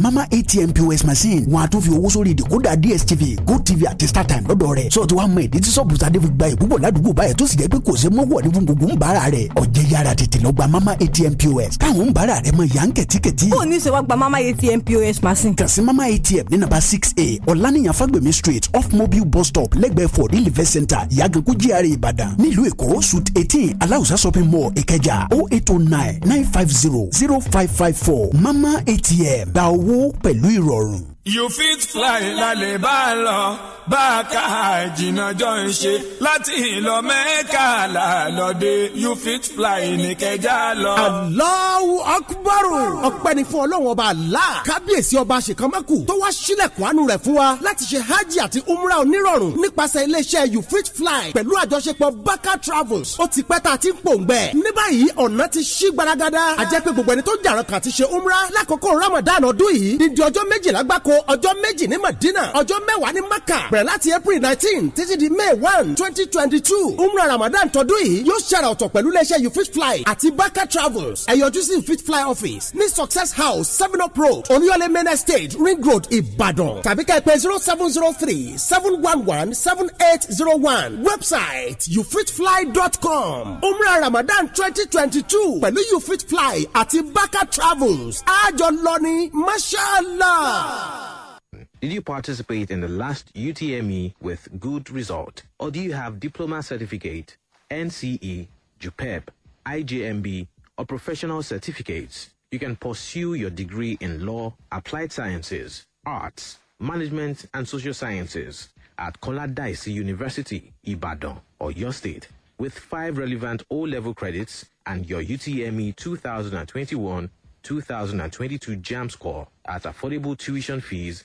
mama atm pos machine wọn a tún fi owó sórí ìdìkúdà dstv gotv àti startime lọ́dọ̀ rẹ̀ sọ ti wá mọ ìdí tí sọ́ọ̀bù sadéfì gba ìbúbọ̀ ládùúgbò báyẹn tó sì jẹ́ pé kò ṣe mọ́wọ́ ní gbogbo ń bára rẹ̀ ọ̀jẹ̀ yára tètè lọ gba mama atm pos káwọn ń bára rẹ̀ mọ ìyá ń kẹ̀tíkẹ̀tí. ó ní ṣe wá gba mama atm pos machine. kàn sí mama atm ní nàbà six a ọ̀lànìyàn fagbemi street off mobile bus stop lẹ́gbẹ̀ẹ́ for real event center yàgànkú gr ìbàdàn nílùú èkó suit eighteen aláùsá shopping mall ìkẹjà o oh eight o oh nine nine five zero zero five five four mama atm gba owó owó pẹ̀lú ìrọ̀rùn you fit fly lálẹ́ bá a lọ bá a ká àjìnà jọ ń ṣe láti ìlọ mẹ́ka làlọ́dẹ you fit fly ní kẹjá lọ. Allahu Akbar ọpẹ́ ni fún ọlọ́run ọba Allah kábíyèsí ọba àṣekánmẹ́kù tó wá sílẹ̀kùn àánú rẹ̀ fún wa láti ṣe hajj àti umra onírọ̀rùn nípasẹ̀ iléeṣẹ́ you fit fly pẹ̀lú àjọṣepọ̀ baka travels ó ti pẹ́ tá a ti ń pòǹgbẹ ní báyìí ọ̀nà ti ṣí gbaragada àjẹpẹ́ gbogbo ẹni tó jàrọ̀ kà ṣe umra lákòókò Ramadan ọdún yìí ní di ẹranko ọjọ́ méjì ní Madina ọjọ́ mẹ́wàá ní Maka bẹ̀rẹ̀ láti April nineteen títí di May one twenty twenty two umrah Ramadan tọdún yìí yóò ṣàrà ọ̀tọ̀ pẹ̀lú iléeṣẹ́ you fit fly àti Baka travels ẹ̀yọjú sí you fit fly office ní Success House Seven Up Road Oníyọ̀lé Main Estate Ring Road Ìbàdàn tàbí ká ẹ pè zero seven zero three seven one one seven eight zero one website youfitfly.com umrah Ramadan twenty twenty two pẹ̀lú you fit fly àti Baka travels àjọ lọ ní mashallah. Did you participate in the last UTME with good result? Or do you have diploma certificate, NCE, JUPEP, IJMB, or professional certificates? You can pursue your degree in law, applied sciences, arts, management, and social sciences at Koladaisi University, Ibadan, or your state, with five relevant O-level credits and your UTME 2021 2022 JAM score at affordable tuition fees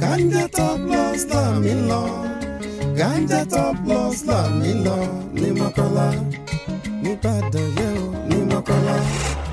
ganja top loss là mí lọ ganja top loss là mí lọ ní Mọ́kọ́lá ní Ìbàdàn yẹn o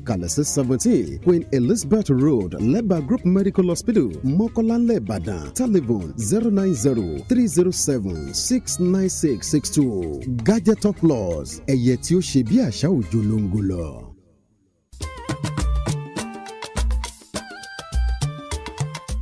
ìkàlẹ̀ sí seventeen Queen Elizabeth Road Leba Group Medical Hospital Mọ́kọ́lánlẹ̀ Ìbàdàn telephone zero nine zero three zero seven six nine six six two Gadget Plus ẹ̀yẹ tí ó ṣe bí àṣà òjò ló ń gò lọ.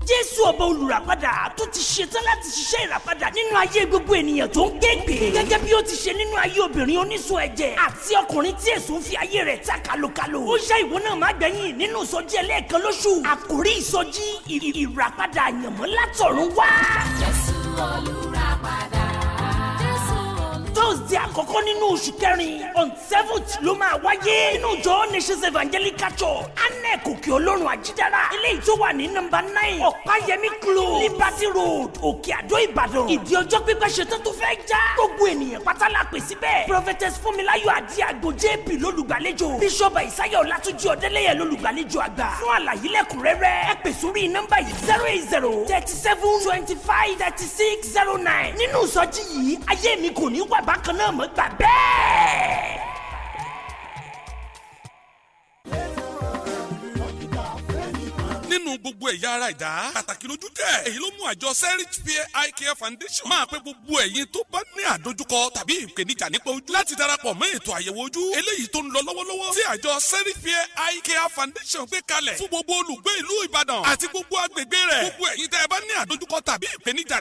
jésù ọba olùràpadà tó ti ṣetán láti ṣiṣẹ́ ìràpadà nínú ayé gbogbo ènìyàn tó ń kégbè. gẹ́gẹ́ bí ó ti ṣe nínú ayé obìnrin onísun ẹ̀jẹ̀ àti ọkùnrin tí èso ń fi ayé rẹ̀ ta kalokalo. ó ṣe ìwọ náà má gbẹ̀yìn nínú ìsọjí ẹlẹ́ẹ̀kan lóṣù. àkòrí ìsọjí ìràpadà àyànmọ́ látọ̀run wá. jésù olùràpadà àkọ́kọ́ nínú oṣù kẹrin on seventh ló máa wáyé nínú ìjọ nations evangelical church anec òkè ọlọ́run àjídára eléyìí tó wà ní nọ́mbà nine ọ̀páyẹmí close liberty road òkè àdó ìbàdàn ìdí ọjọ́ pípẹ́ ṣetán tó fẹ́ já gbogbo ènìyàn pátá la pè síbẹ̀ prophetess fúnmiláyọ̀ àti àgbo jp lólùgbàlejò bishop isaiah ọlátúnjì ọdẹlẹyẹ lólùgbàlejò àgbà fún àlàyé lẹ́kùnrẹ́rẹ́ ẹ pè sórí nọ́mbà yìí zero eight zero thirty seven twenty five thirty six zero nine nínú ìsọjí yìí ayé mi kò ní wà bákan náà 怎么准备？nínú gbogbo ẹ̀yà ara ìdá. pàtàkì lójú tẹ̀. èyí ló mú àjọ serich peer eye care foundation máa pé gbogbo ẹ̀yin tó bá ní àdójúkọ tàbí ìpèníjà nípa ojú láti darapọ̀ mọ́ ètò àyẹ̀wò ojú eléyìí tó ń lọ lọ́wọ́lọ́wọ́ tí àjọ serich peer eye care foundation gbé kalẹ̀ fún gbogbo olùgbé ìlú Ìbàdàn àti gbogbo agbègbè rẹ̀ gbogbo ẹ̀yin tẹ́ ẹ bá ní àdójúkọ tàbí ìpèníjà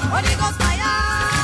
Holy Ghost fire.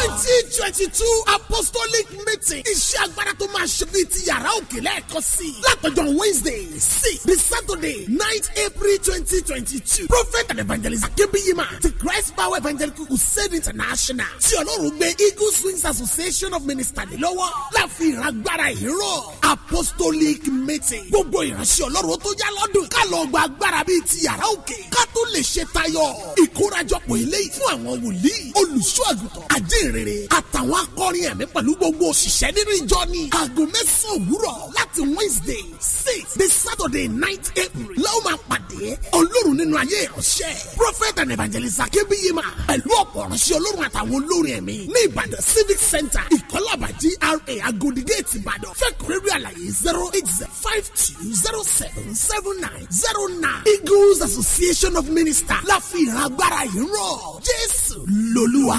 twenty twenty two apostolic meeting iṣẹ́ agbára tó máa ṣe bíi ti yàrá òkè lẹ́ẹ̀kan sí i látọjọ́ wednesday six the saturday nine april twenty twenty two prophet and evangelist akebiyima ti christ power evangelical crusade international tí ọlọ́run gbé eagle swings association of ministers lọ́wọ́ láfi ìràgbára ìró apostolic meeting gbogbo ìránṣẹ́ ọlọ́run tó yá lọ́dún ká lọ gba agbára bíi ti yàrá òkè ká tó lè ṣe tayọ ìkórajọpọ̀ eléyìí fún àwọn wòlíì olùṣọ́ àdéhùn ìrìn rere àtàwọn akọrin ẹ̀mí pẹ̀lú gbogbo òṣìṣẹ́ nínú ìjọ ni aago mẹ́sàn-án òwúrọ̀ láti Wednesday six the Saturday night April lọ́wọ́ máa pàdé ọlọ́run nínú ayé ìránṣẹ́ prophet and evangelist akébíyémà pẹ̀lú ọ̀pọ̀ ìránṣẹ́ ọlọ́run àtàwọn olórin ẹ̀mí ní Ìbàdàn civic center ìkọ́làbàjì GRA Agodi gate Ìbàdàn fẹ́kùrẹ́rì àlàyé zero eight zero five two zero seven seven nine zero nine Eagles Association of Ministers láfi ìran agbára yìí rọ̀ Jésù lolúwa.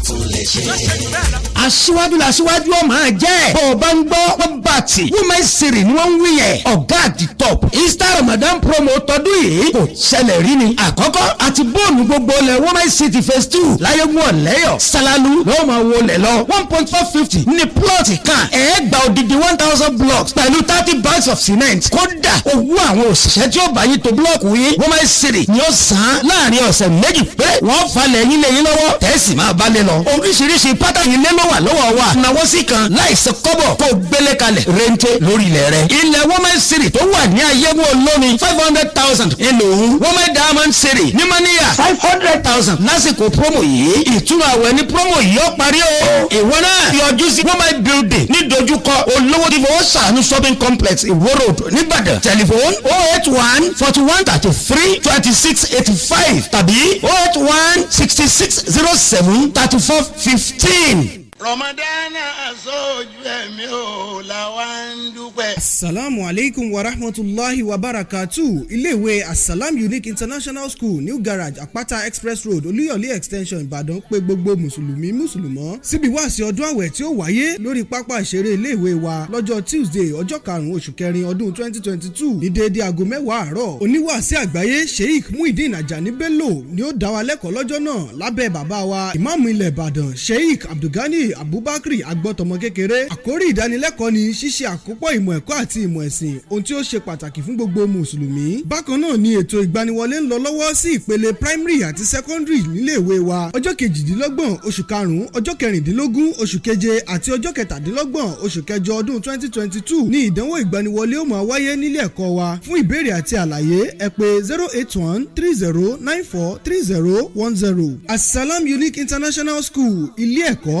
tún lè ṣe. aṣíwájú la aṣíwájú ọmọ á jẹ́ bó o bá ń gbọ́ wọ́n bá series ni wọ́n ń wí yẹn ọ̀gá àti top Easter Ramadan promo tọdún yìí kò ṣẹlẹ̀ rí ni àkọ́kọ́ àti bóònù gbogbo lẹ̀ women city phase two láyégun ọ̀lẹ́yọ̀ salalu lọ́wọ́ máa wo lẹ̀ lọ one point four fifty ní plọ́ọ̀tì kan ẹ̀ẹ́gbà òdìdí one thousand blocks pẹ̀lú thirty bags of cement kódà owó àwọn òṣìṣẹ́ tí ó bá yín tó blọ́ọ̀kù yín women city ni ó san láàrin ọ̀sẹ̀ méjì pé wọ́n falẹ̀ yín lẹ́yìn lọ́wọ́ tẹ̀sí máa bá lẹ́nu lọ. oríṣiríṣi pátánì ilé ló wà lọ́wọ́ wa. náwó sí kan láìsí kọ́bọ̀ kó gbélé kalẹ̀ rente lórí ilẹ̀ rẹ. ilẹ̀ women city tó wà ní ayéwo lómi five hundred thousand ìlòhùn woman diamond series ní maniya five hundred thousand lásìkò promo yìí ìtura àwẹ̀ ní promo yìí ó parí o. ìwọ náà yọjú sí women building ní dojúkọ olówó tí fowó sàánú shopping complex ìwó road nìbàdàn tẹlifon oh eight one forty one thirty three twenty six eighty five tàbí oh eight one sixty six zero seven thirty to 15. rọmọdánà sójú ẹ̀mí ò làwa ń dúpẹ́. asalaamu aleykum wa rahmatulahi wa barakatu iléèwé asalam unique international school new garage àpáta express road olúyọ̀lé extension ìbàdàn pé gbogbo mùsùlùmí mùsùlùmọ́ síbi wáàsí ọdún àwẹ̀ tí ó wáyé lórí pápá ìṣeré iléèwé wa lọ́jọ́ tuesday ọjọ́ karùn-ún oṣù kẹrin ọdún twenty twenty two ní déédéé aago mẹ́wàá àárọ̀ oníwàásí àgbáyé sheikh muhyiddin ajani bello ni ó dá wa lẹ́kọ̀ọ́ lọ́jọ́ náà lábẹ́ bàbá wa ìmáàmù ilẹ̀ ìbàdàn sheikh abdulgani Abdullahi Abubakar agbọ́tọmọ kékeré àkórí ìdánilẹ́kọ̀ọ́ ni ṣíṣe àkópọ̀ ìmọ̀ ẹ̀kọ́ àti ìmọ̀ ẹ̀sìn ohun tí ó ṣe pàtàkì fún gbogbo mùsùlùmí bákan náà ni ètò ìgbaniwọlé ń lọ lọ́wọ́ sí ìpele primary àti secondary níléèwé wa ọjọ́ kejìdínlọ́gbọ̀n oṣù karùn-ún ọjọ́ kẹrìndínlógún oṣù keje àti ọjọ́ kẹtàdínlọ́gbọ̀n oṣù kẹjọ ọdún twenty twenty two ni ìdánwò ìgbaniwọlé ó máa wáyé nílé ẹ̀kọ́ zero eight one three zero nine four three zero one zero Assalam Unique International School ilé ẹ̀kọ́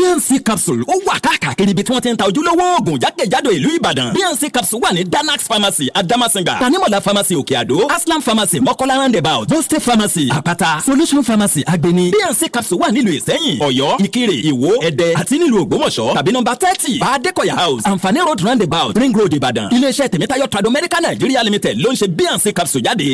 bnc capsule ó wà káàkiri ibi tí wọ́n ti ń ta ojúlówó oògùn jákèjádò ìlú ìbàdàn bnc capsule wà ní danax pharmacy adamasinga tanimola pharmacy òkè àdó aslam pharmacy mọ́kọ́lá roundabout boste pharmacy àpáta solution pharmacy agbeni bnc capsule wà nílùú ìsẹ́yìn ọ̀yọ́ ìkirè ìwó ẹ̀dẹ́ àti nílùú ògbómọ̀ṣọ́ tàbí nọ́mbà thirty baadekoya house anfani road roundabout ring road ìbàdàn iléeṣẹ́ tèmítáyọ̀ trado medical nigeria limited ló ń ṣe bnc capsule jáde